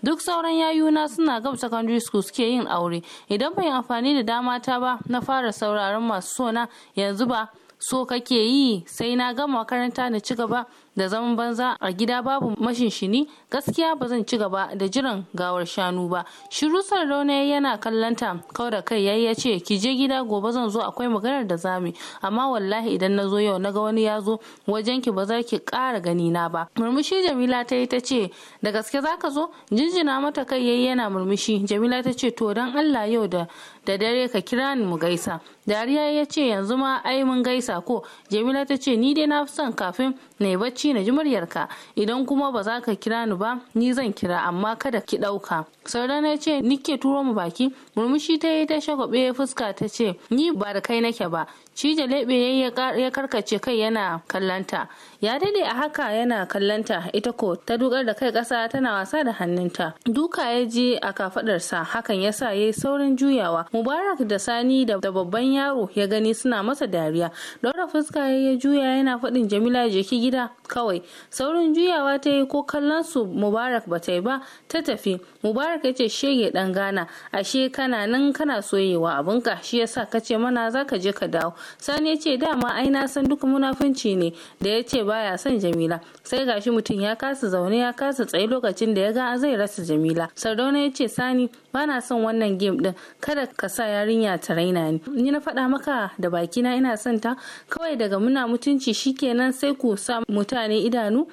duk sauran yayuna suna gab secondary school suke yin aure idan ban yi amfani da dama ta ba na fara sauraron masu sona yanzu ba so kake yi sai na gama makaranta na ci gaba da zaman banza a gida babu mashinshini gaskiya ba zan ci gaba da jiran gawar shanu ba shiru sarrauna yana kallanta kau da kai yayi ya ce ki je gida gobe zan zo akwai maganar da zami amma wallahi idan na zo yau naga wani ya zo wajen ki ba za ki ƙara gani na ba murmushi jamila ta yi ta ce da gaske za ka zo jinjina mata kai yayi yana murmushi jamila ta ce to dan allah yau da da dare ka kira ni mu gaisa dariya ya ce yanzu ma ai mun gaisa ko jamila ta ce ni dai na son kafin na yi bacci na ji muryarka idan kuma ba za ka kira ni ba ni zan kira amma kada ki ɗauka sauran ya ce ni ke turo mu baki murmushi ta yi ta shagwabe fuska ta ce ni ba da kai nake ba cije leɓe ya ya karkace kai yana kallanta ya dade a haka yana kallanta ita ko ta dukar da kai ƙasa tana wasa da hannunta duka ya je a kafadarsa hakan ya sa ya yi saurin juyawa mubarak da sani da babban yaro ya gani suna masa dariya ɗora fuska ya juya yana faɗin jamila jeki gida kawai saurin juyawa ta yi ko kallon su mubarak ba ta yi ba ta tafi mubarak ya ce shege dan gana ashe kana nan kana soyewa abinka shi yasa ka ce mana za ka je ka dawo sani ya ce dama ai na san duk munafunci ne da ya ce baya son jamila sai gashi mutum ya kasa zaune ya kasa tsaye lokacin da ya ga zai rasa jamila sardauna ya ce sani bana son wannan game din kada ka sa yarinya ta raina ni ni na faɗa maka da bakina ina son ta kawai daga muna mutunci shikenan sai ku sa mutane idanu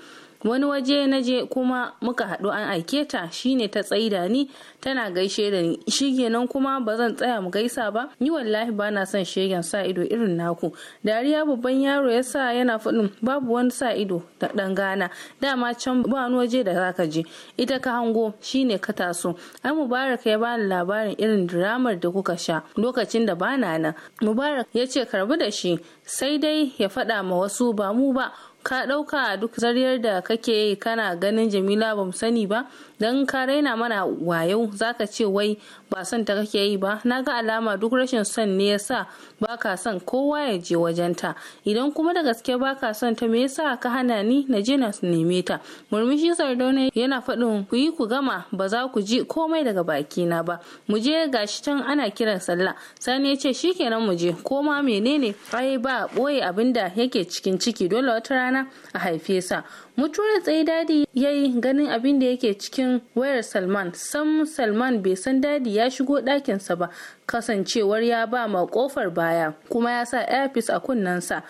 wani waje na je kuma muka haɗu an aike ta shine ta tsaida ni tana gaishe da ni Shi kenan kuma ba zan tsaya mu gaisa ba ni wallahi ba na son shegen sa ido irin naku dariya babban yaro ya sa yana faɗin babu wani sa ido da ɗan gana dama can ba wani waje da zaka je ita ka hango shine ka taso ai mubarak ya bani labarin irin diramar da kuka sha lokacin da bana nan mubarak ya ce karbu da shi sai dai ya faɗa ma wasu ba mu ba ka ɗauka duk zariyar da kake yi kana ganin jamila ba mu sani ba don ka raina mana wayau zaka ce wai ba son ta kake yi ba na ga alama duk rashin son ne yasa ba ka son kowa ya je wajenta idan kuma da gaske ba ka son ta me yasa ka hana ni na je na neme ta murmushi sardauna yana faɗin ku yi ku gama ba za ku ji komai daga baki na ba mu je gashi can ana kiran sallah sani ya ce shikenan mu je 'Koma menene ai ba ɓoye abinda yake cikin ciki dole wata rana a haife sa mutuwar tsaye dadi ya yi ganin abin da yake cikin wayar salman sam salman bai san dadi ya shigo ɗakinsa ba kasancewar ya ba ma kofar baya kuma ya sa airpiece a kunnensa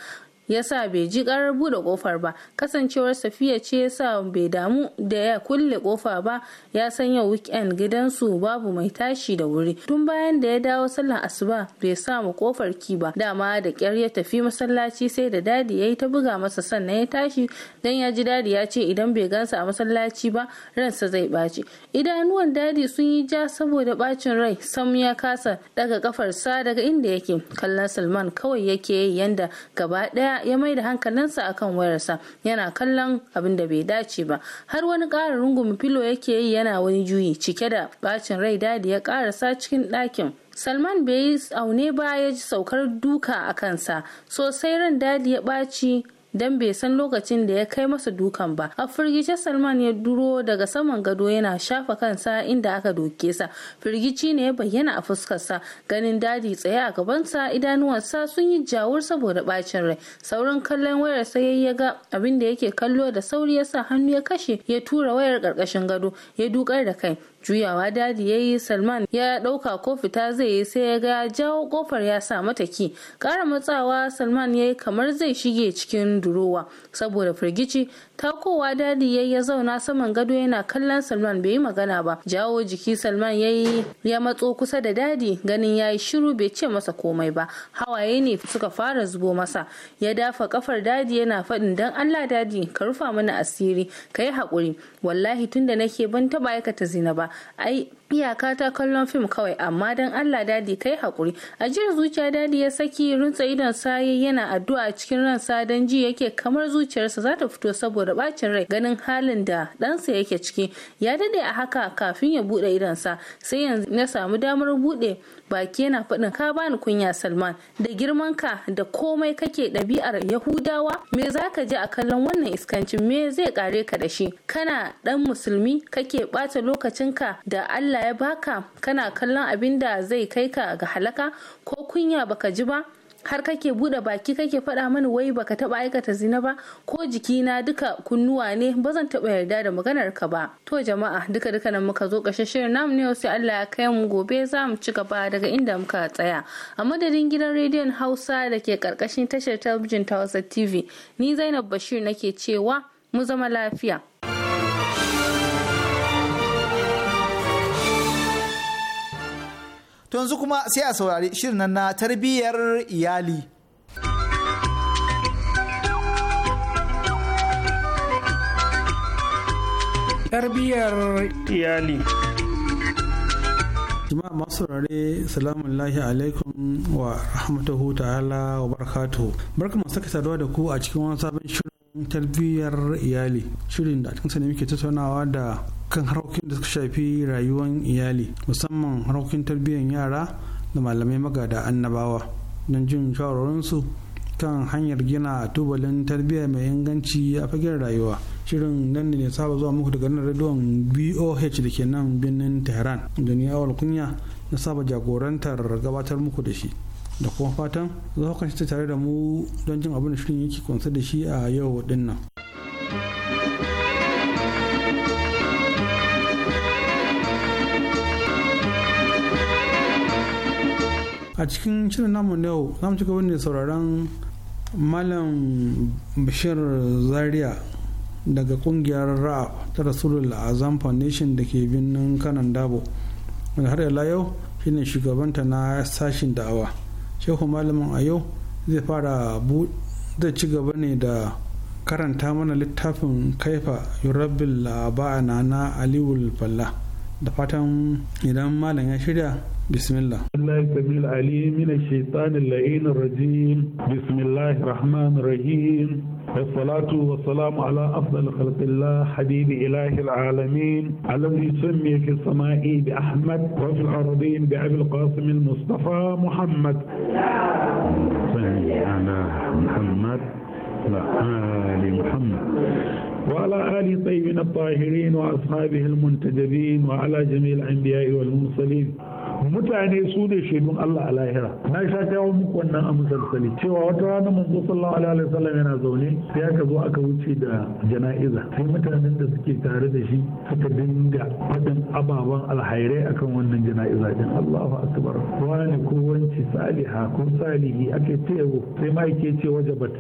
yasa bai ji karar bude kofar ba kasancewar safiya ce ya sa bai damu da ya kulle kofa ba ya san yau weekend gidansu babu mai tashi da wuri tun bayan da ya dawo sallar asuba bai samu kofar ki ba dama da kyar ya tafi masallaci sai da dadi ya yi ta buga masa sannan ya tashi dan ya ji dadi ya ce idan bai gansa a masallaci ba ransa zai ɓaci idanuwan dadi sun yi ja saboda bacin rai sam ya kasa daga kafarsa daga inda yake kallon salman kawai yake yi yanda gaba daya ya mai da hankalinsa akan wayarsa yana kallon abin da bai dace ba har wani ƙara rungumi filo yake yi yana wani juyi cike da bacin rai dadi ya ƙarasa cikin ɗakin salman bai yi aune ba ya ji saukar duka a kansa sosai ran dadi ya ɓaci don bai san lokacin da ya kai masa dukan ba a firgice salman ya duro daga saman gado yana shafa kansa inda aka doke sa firgici ne ya bayyana a fuskarsa ganin dadi tsaye a gabansa idanuwansa sun yi jawur saboda bacin rai sauran kallon wayar sai ya ga abin da yake kallo da sauri ya sa hannu ya kashe ya tura wayar karkashin gado ya dukar da kai juyawa dadi ya yi salman ya ɗauka ko fita zai yi sai ya ga jawo kofar ya sa mata ki kara matsawa salman ya yi kamar zai shige cikin durowa saboda firgici takowa dadi ya ya zauna saman gado yana kallon salman bai yi magana ba jawo jiki salman yayi ya matso kusa da dadi ganin ya yi shiru bai ce masa komai ba hawaye ne suka fara zubo masa ya dafa kafar dadi yana faɗin dan allah dadi ka rufa mana asiri ka yi haƙuri wallahi tunda nake ban taɓa aikata zina ba ai iyaka ta kallon fim kawai amma don allah dadi kai hakuri ajiyar zuciya dadi ya saki rutsa idon saye yana addu'a cikin ransa don ji yake kamar zuciyarsa za ta fito saboda bacin rai ganin halin da ɗansa yake ciki ya dade a haka kafin ya buɗe idonsa sai yanzu na samu damar bude baki yana faɗin ka bani kunya salman da girman ka da komai kake ɗabi'ar yahudawa me za ka ji a kallon wannan iskancin me zai kare ka da shi kana ɗan musulmi kake ɓata lokacinka da allah Allah ya baka kana kallon abin da zai kai ka ga halaka ko kunya baka ji ba har kake bude baki kake faɗa mani wai baka taba aikata zina ba ko jikina duka kunnuwa ne ba zan taba yarda da maganar ka ba to jama'a duka duka nan muka zo ƙarshen shirin namu ne sai Allah ya kai mu gobe za mu ci gaba daga inda muka tsaya a madadin gidan rediyon Hausa da ke karkashin tashar talabijin ta Hausa TV ni Zainab Bashir nake cewa mu zama lafiya. To yanzu kuma sai a saurari shirin nan na tarbiyyar iyali. Tarbiyyar iyali. jama'a masu rare salamu alaikum alaikum wa rahmatahu ta'ala wa barakatuhu barka mu saka saduwa da ku a cikin wani sabon shirin tarbiyyar iyali shirin da a cikin ne muke tattaunawa da kan harkokin da suka shafi rayuwar iyali musamman harkokin tarbiyyar yara da malamai magada annabawa don jin shawarwarinsu kan hanyar gina tubalin tarbiyya mai inganci a fagen rayuwa shirin nan ne saba zuwa muku daga nan rediyon boh da ke nan birnin tehran da ni awal kunya na saba jagorantar gabatar muku da shi da kuma fatan za ku kasance tare da mu don jin abin da shirin yake kunsa da shi a yau din a cikin shirin namu na yau za mu ci gaba ne sauraron malam bashir zaria daga kungiyar ra'a ta rasulul azam foundation da ke birnin kanan dabo wanda har yala yau shine shugabanta na sashin da'awa shehu malamin a yau zai fara da ci gaba ne da karanta mana littafin kaifa yurabbil laba'ana na aliwul falla da fatan idan malam ya shirya بسم الله الله السميع العليم من الشيطان اللعين الرجيم بسم الله الرحمن الرحيم الصلاة والسلام على أفضل خلق الله حبيب إله العالمين الذي سمي في السماء بأحمد وفي الأرضين بأبي القاسم المصطفى محمد صل على محمد وآل محمد وعلى آل طيبنا الطاهرين وأصحابه المنتجبين وعلى جميع الأنبياء والمرسلين mutane su ne shaidun Allah a lahira na sha kawo muku wannan amsar cewa wata rana manzo sallallahu alaihi wasallam yana zaune sai aka zo aka wuce da jana'iza sai mutanen da suke tare da shi suka dinga faɗin ababen alhairai akan wannan jana'iza din Allahu akbar wani ko wanci saliha ko salihi ake ta sai ma yake ce wajabat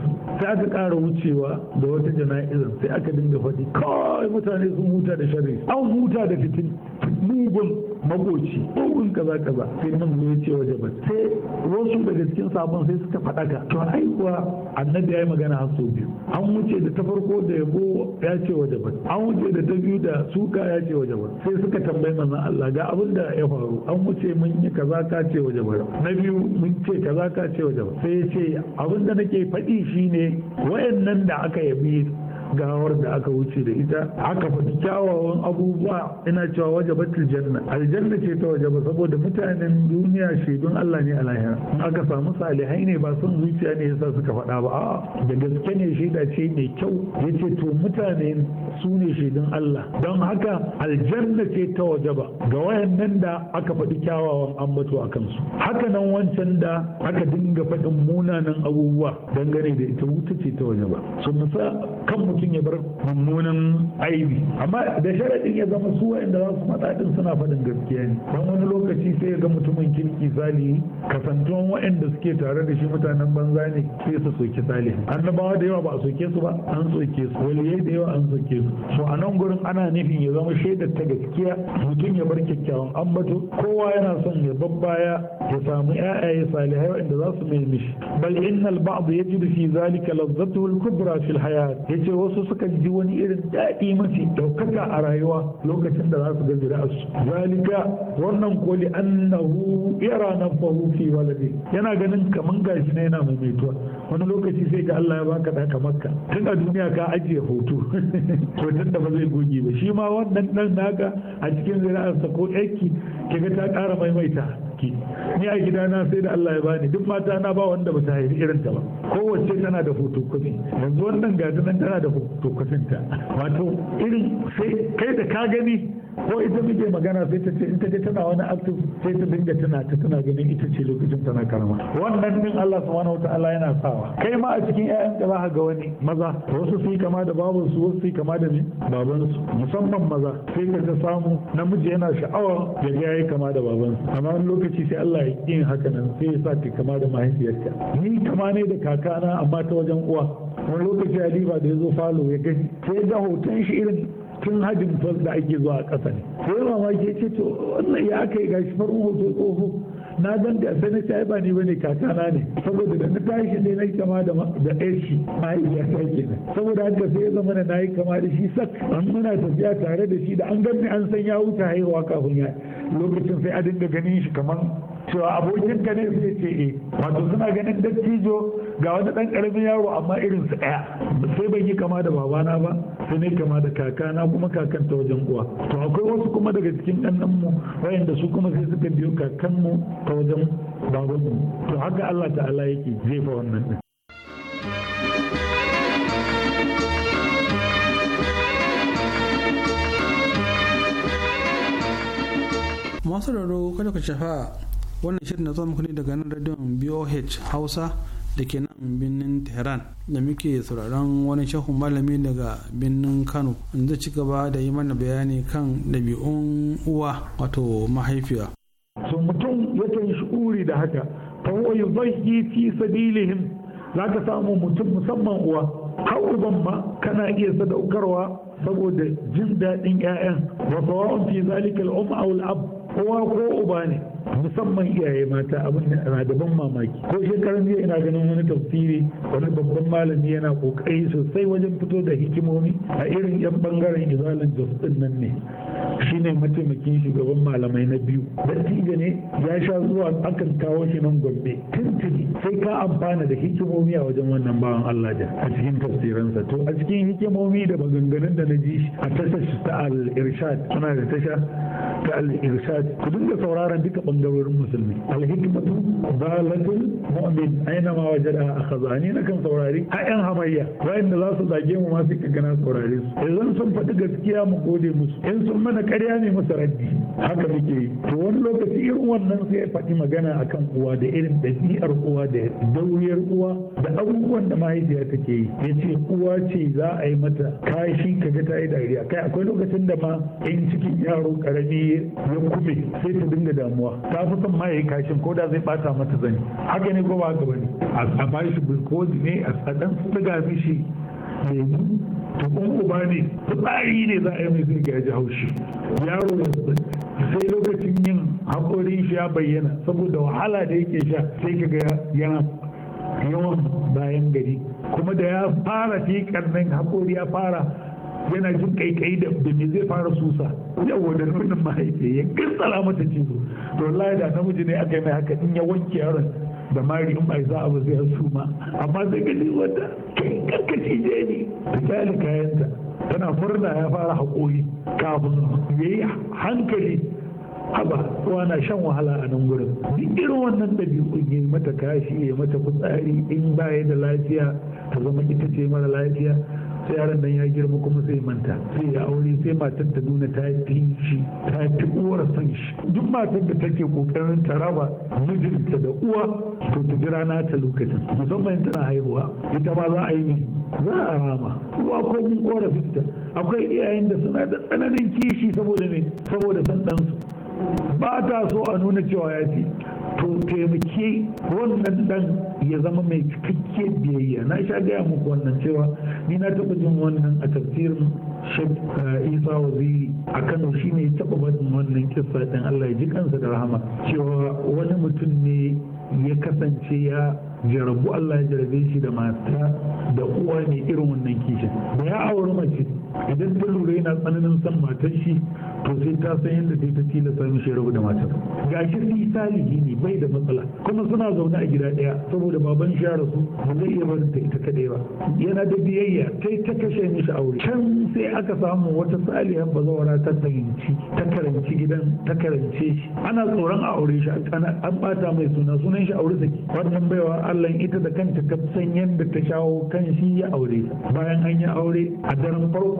sai aka ƙara wucewa da wata jana'iza sai aka dinga faɗi kawai mutane sun huta da sharri an huta da fitin mugun makoci ɗaurin kaza kaza sai nan ne ce waje ba sai wasu daga cikin sabon sai suka faɗaka to ai kuwa annabi ya yi magana har sau biyu an wuce da ta farko da yabo ya ce waje ba an wuce da ta biyu da suka ya ce waje ba sai suka tambayi mana Allah ga abin da ya faru an wuce mun yi kaza ka ce waje ba na biyu mun ce kaza ka ce waje ba sai ya ce abin da nake faɗi shine wayannan da aka yabi gawar da aka wuce da ita aka faɗi kyawawan abubuwa ina cewa wajabatul janna aljanna ce ta wajaba saboda mutanen duniya shaidun Allah ne a lahira in aka samu salihai ne ba son zuciya ne yasa suka faɗa ba a'a da gaske ne shaida ce mai kyau yace to mutane su ne shaidun Allah don haka aljanna ce ta wajaba ga wayannan da aka faɗi kyawawan ambato a kansu haka nan wancan da aka dinga faɗin munanan abubuwa dangane da ita wuta ce ta wajaba su sa kan mutum ya bar mummunan aibi amma da sharaɗin ya zama su wa'anda za su matsa din suna faɗin gaskiya ne don wani lokaci sai ya ga mutumin kirki zali kasantuwan wa'anda suke tare da shi mutanen banza ne sai su soki salihi annabawa da yawa ba a soke su ba an soke su waliyai da yawa an soke su so a nan gurin ana nufin ya zama shaidar ta gaskiya mutum ya bar kyakkyawan ambato kowa yana son ya babbaya ya samu ƴaƴaye salihai wa'anda za su mai mishi bal innal ba'd yajidu fi zalika lazzatuhu al-kubra fil hayat yace wasu suka ji wani irin daɗi mafi ɗaukaka a rayuwa lokacin da za su ga zuri'arsu zalika wannan koli annahu yara na fahu fi walade yana ganin kaman gashi na yana maimaituwa wani lokaci sai ga Allah ya baka ɗaka makka tun a duniya ka ajiye hoto to tun da ba zai goge ba shi ma wannan dan naka a cikin zira'arsa ko yaki ga ta ƙara maimaita ki. ni a gida na sai da Allah ya bani duk mata na ba wanda ba ta haifi irin ta ba kowace tana da hoto fotokofi yanzu wannan gajinan tana da hoto fotokofin ta wato irin sai kai da ka gani ko ita muke magana sai ta ce in ta ga tana wani aktif. sai ta dinga tana ta tana ganin ita ce lokacin tana karama wannan din Allah subhanahu wataala yana sawa kai ma a cikin ƴaƴan ka za ga wani maza wasu sai kama da baban su wasu sai kama da ni baban su musamman maza sai ka ta samu namiji yana sha'awar ya ga yayi kama da baban su amma wani lokaci sai Allah ya yin haka nan sai ya sa ka kama da mahaifiyarka ni kama ne da kakana amma ta wajen uwa wani lokaci Aliba da ya zo falo ya gani sai da hoton shi irin tun hadin fas da ake zuwa a ƙasa ne sai mamaki ke ce to wannan ya aka yi gashi farin hoto tsoho na zan da sai na ce ba ni bane kakana ne saboda da na tashi ne na kama da da shi mahaifiya ta kenan saboda haka sai ya zama na yi kama da shi sak an muna tafiya tare da shi da an gani an san ya wuce haihuwa kafin ya lokacin sai a dinga ganin shi kamar cewa abokin ka ne sai ce eh wato suna ganin dattijo ga wani ɗan ƙaramin yaro amma irin su ɗaya sai ban yi kama da babana ba sai ne kama da kakana kuma kakan ta wajen uwa to akwai wasu kuma daga cikin ɗannan mu wayanda su kuma sai suka biyo kakan mu ta wajen mu to haka Allah ta'ala yake jefa wannan din masu raro kada ku shafa wannan shirin na zuwa muku ne daga nan radion boh hausa da ke nan birnin tehran da muke sauraron wani shahun malami daga birnin kano da ci gaba da yi mana bayani kan dabi'un uwa wato mahaifiya so mutum yakan shi'uri da haka fa huwa yudhi fi sabilihim zaka samu mutum musamman uwa har uban ma kana iya sadaukarwa saboda jin daɗin 'ya'yan wa sawa'un fi zalika al-um aw ko uba ne musamman iyaye mata abin ana da ban mamaki ko shekaran jiya ina ganin wani tafsiri wani babban malami yana kokari sosai wajen fito da hikimomi a irin yan bangaren izalin jos din nan ne shine mataimakin shugaban malamai na biyu dattijo ne ya sha zuwa akan kawo shi nan gombe tuntuni sai ka amfana da hikimomi a wajen wannan bawan Allah da a cikin tafsiransa to a cikin hikimomi da maganganun da na ji a tasha ta al-irshad da tasha ta al-irshad ku dinga sauraron duka bangarorin musulmi alhikmatu zalatul mu'min aina ma wajada akhadha ni na kan saurari ayan hamayya bayan da za su zage mu ma suka gana saurare su idan sun faɗi gaskiya mu gode musu in sun mana ƙarya ne musu raddi haka muke yi to wani lokaci irin wannan sai faɗi magana akan uwa da irin ɗabi'ar uwa da dauriyar uwa da abubuwan da mahaifiya take yi ya ce uwa ce za a yi mata kashi ga ta yi dariya kai akwai lokacin da ma in cikin yaro karami ya kume sai ta dinga damuwa ta fi son maye kashin ko da zai bata mata zani haka ne ko ba haka bane a ba shi glucose ne a tsadan suga mishi lemu to in uba ne tsari ne za a yi mai zai ji haushi yaro sai lokacin yin haƙori shi ya bayyana saboda wahala da yake sha sai kaga yana yawan bayan gari kuma da ya fara tikar nan haƙori ya fara yana jin kaikai da me zai fara susa yawa da nonon mahaifi ya kirtsala mata cizo to wallahi da namiji ne aka yi mai haka in ya wanke yaron da mari in mai za ba zai suma amma sai ka ji wata kanka cije ne ta kayanta tana murna ya fara haƙori kafin ya hankali haba kowa na shan wahala a nan gurin duk irin wannan ɗabi'un ya mata kashi ya mata fitsari in baya da lafiya ta zama ita ce mara lafiya sai yaron nan ya girma kuma zai manta sai ya aure sai matar ta nuna ta yi shi ta yi uwar son shi duk matar da take kokarin ta raba mijinta da uwa to ta jira na ta lokacin musamman tana haihuwa ita ma za a yi za a rama uwa ko mun korafin ta akwai iyayen da suna da tsananin kishi saboda me saboda san ɗansu ba ta so a nuna cewa ya fi to taimake wannan dan ya zama mai cikakke biyayya na sha gaya muku wannan cewa ni na taɓa jin wannan a tafsirin eh, isa waziri a kano shi ne taɓa barin wannan kisa ɗin allah ya ji kansa da rahama cewa wani mutum ne ya kasance ya jarabu allah ya jarabe shi da mata da uwa ne irin wannan kishin da ya auri mace idan ta lura yana tsananin son matar shi to sai ta san yadda ta ta tilasta shi rabu da matar ga shi sai salihi ne bai da matsala kuma suna zaune a gida daya saboda baban shi ya rasu ba zai iya barin ta ita kadai ba yana da biyayya kai ta kashe mishi aure can sai aka samu wata salihan bazawara ta fahimci ta karanci gidan ta karance shi ana tsoron a aure shi an bata mai suna sunan shi aure saki wannan baiwa Allah ita da kanta ta san yadda ta shawo kan shi ya aure bayan an yi aure a daren farko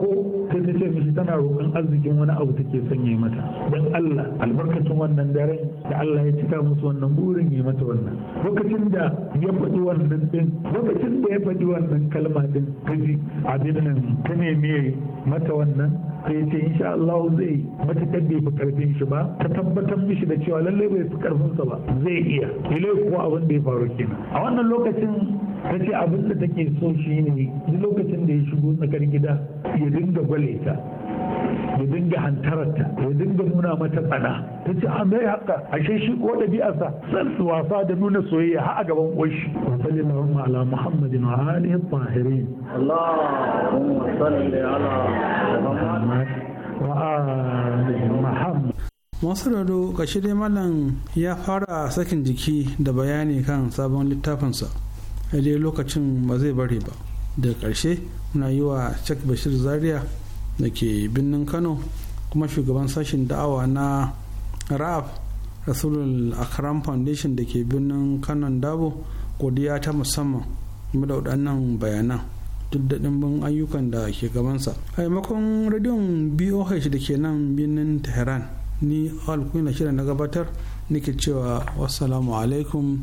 farko sai ta ce mishi tana roƙon arzikin wani abu take sanya mata Don Allah albarkacin wannan daren da Allah ya cika musu wannan burin ya mata wannan lokacin da ya faɗi wannan din lokacin da ya faɗi wannan kalma din kaji abin nan ta neme mata wannan sai ce insha Allah zai matakar bai fi karfin shi ba ta tabbatar mishi da cewa lallai bai fi sa ba zai iya ilai kuwa abin da ya faru kenan a wannan lokacin ta ce abin da take so shi ne duk lokacin da ya shigo tsakar gida ya dinga gwale ta ya dinga hantararta ya dinga nuna mata tsana ta ce ah, a mai haka ashe shi ko da ɗabi'arsa san wasa da nuna soyayya har a gaban ƙoshi wa sallallahu ala muhammadin wa alihi tahirin allahumma salli ala muhammad wa alihi muhammad masu rado dai malam ya fara sakin jiki da bayani kan sabon littafinsa dai lokacin ba zai bari ba daga ƙarshe muna yi wa cek bashir zaria da ke birnin kano kuma shugaban sashen da'awa na raf rasulul akram foundation da ke birnin kano dabo godiya ta musamman game da waɗannan bayanan duk da ɗimbin ayyukan da ke gabansa a maimakon rediyon boh da ke nan birnin tehran ni alkuna shirin na gabatar nake cewa wassalamu alaikum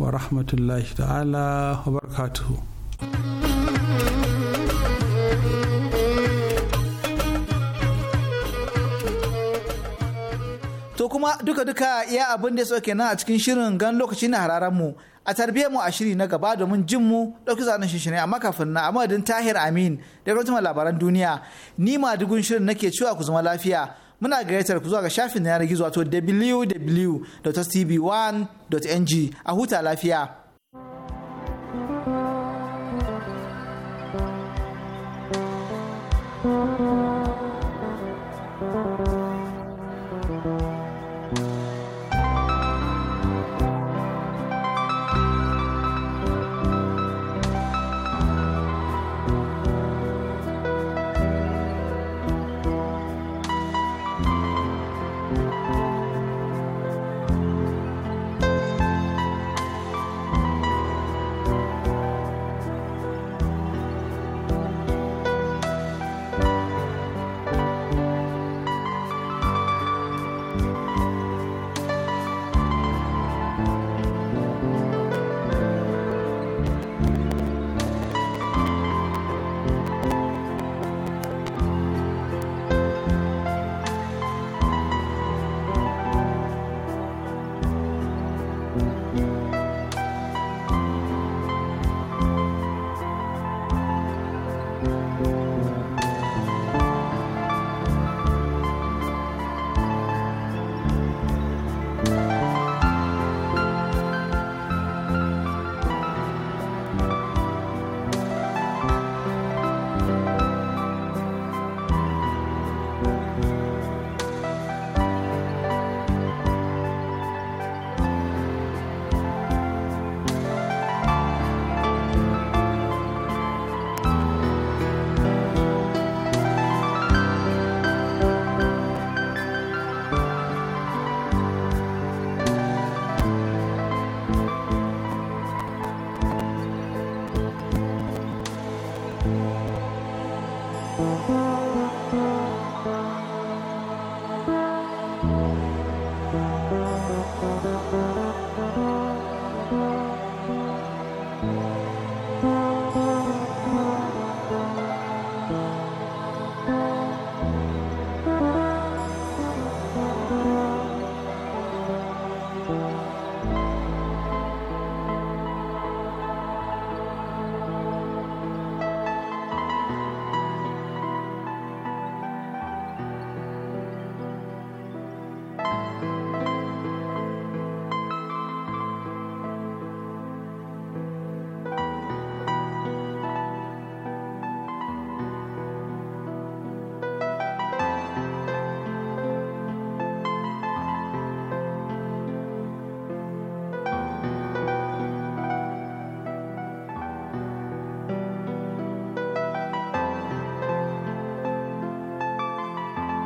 wa rahmatullahi ta'ala wa barakatuhu to kuma duka-duka ya abin da ya nan a cikin shirin gan lokaci na hararanmu mu a tarbiyyar mu a shiri na gaba domin jin mu ɗauki zanen shinshine amma kafin na amadin tahir amin da gwamnatin labaran duniya ni ma dugun shirin nake cewa ku zama lafiya muna gayyatar ku zuwa ga shafin na yanar gizo wato www.tv1.ng a huta lafiya.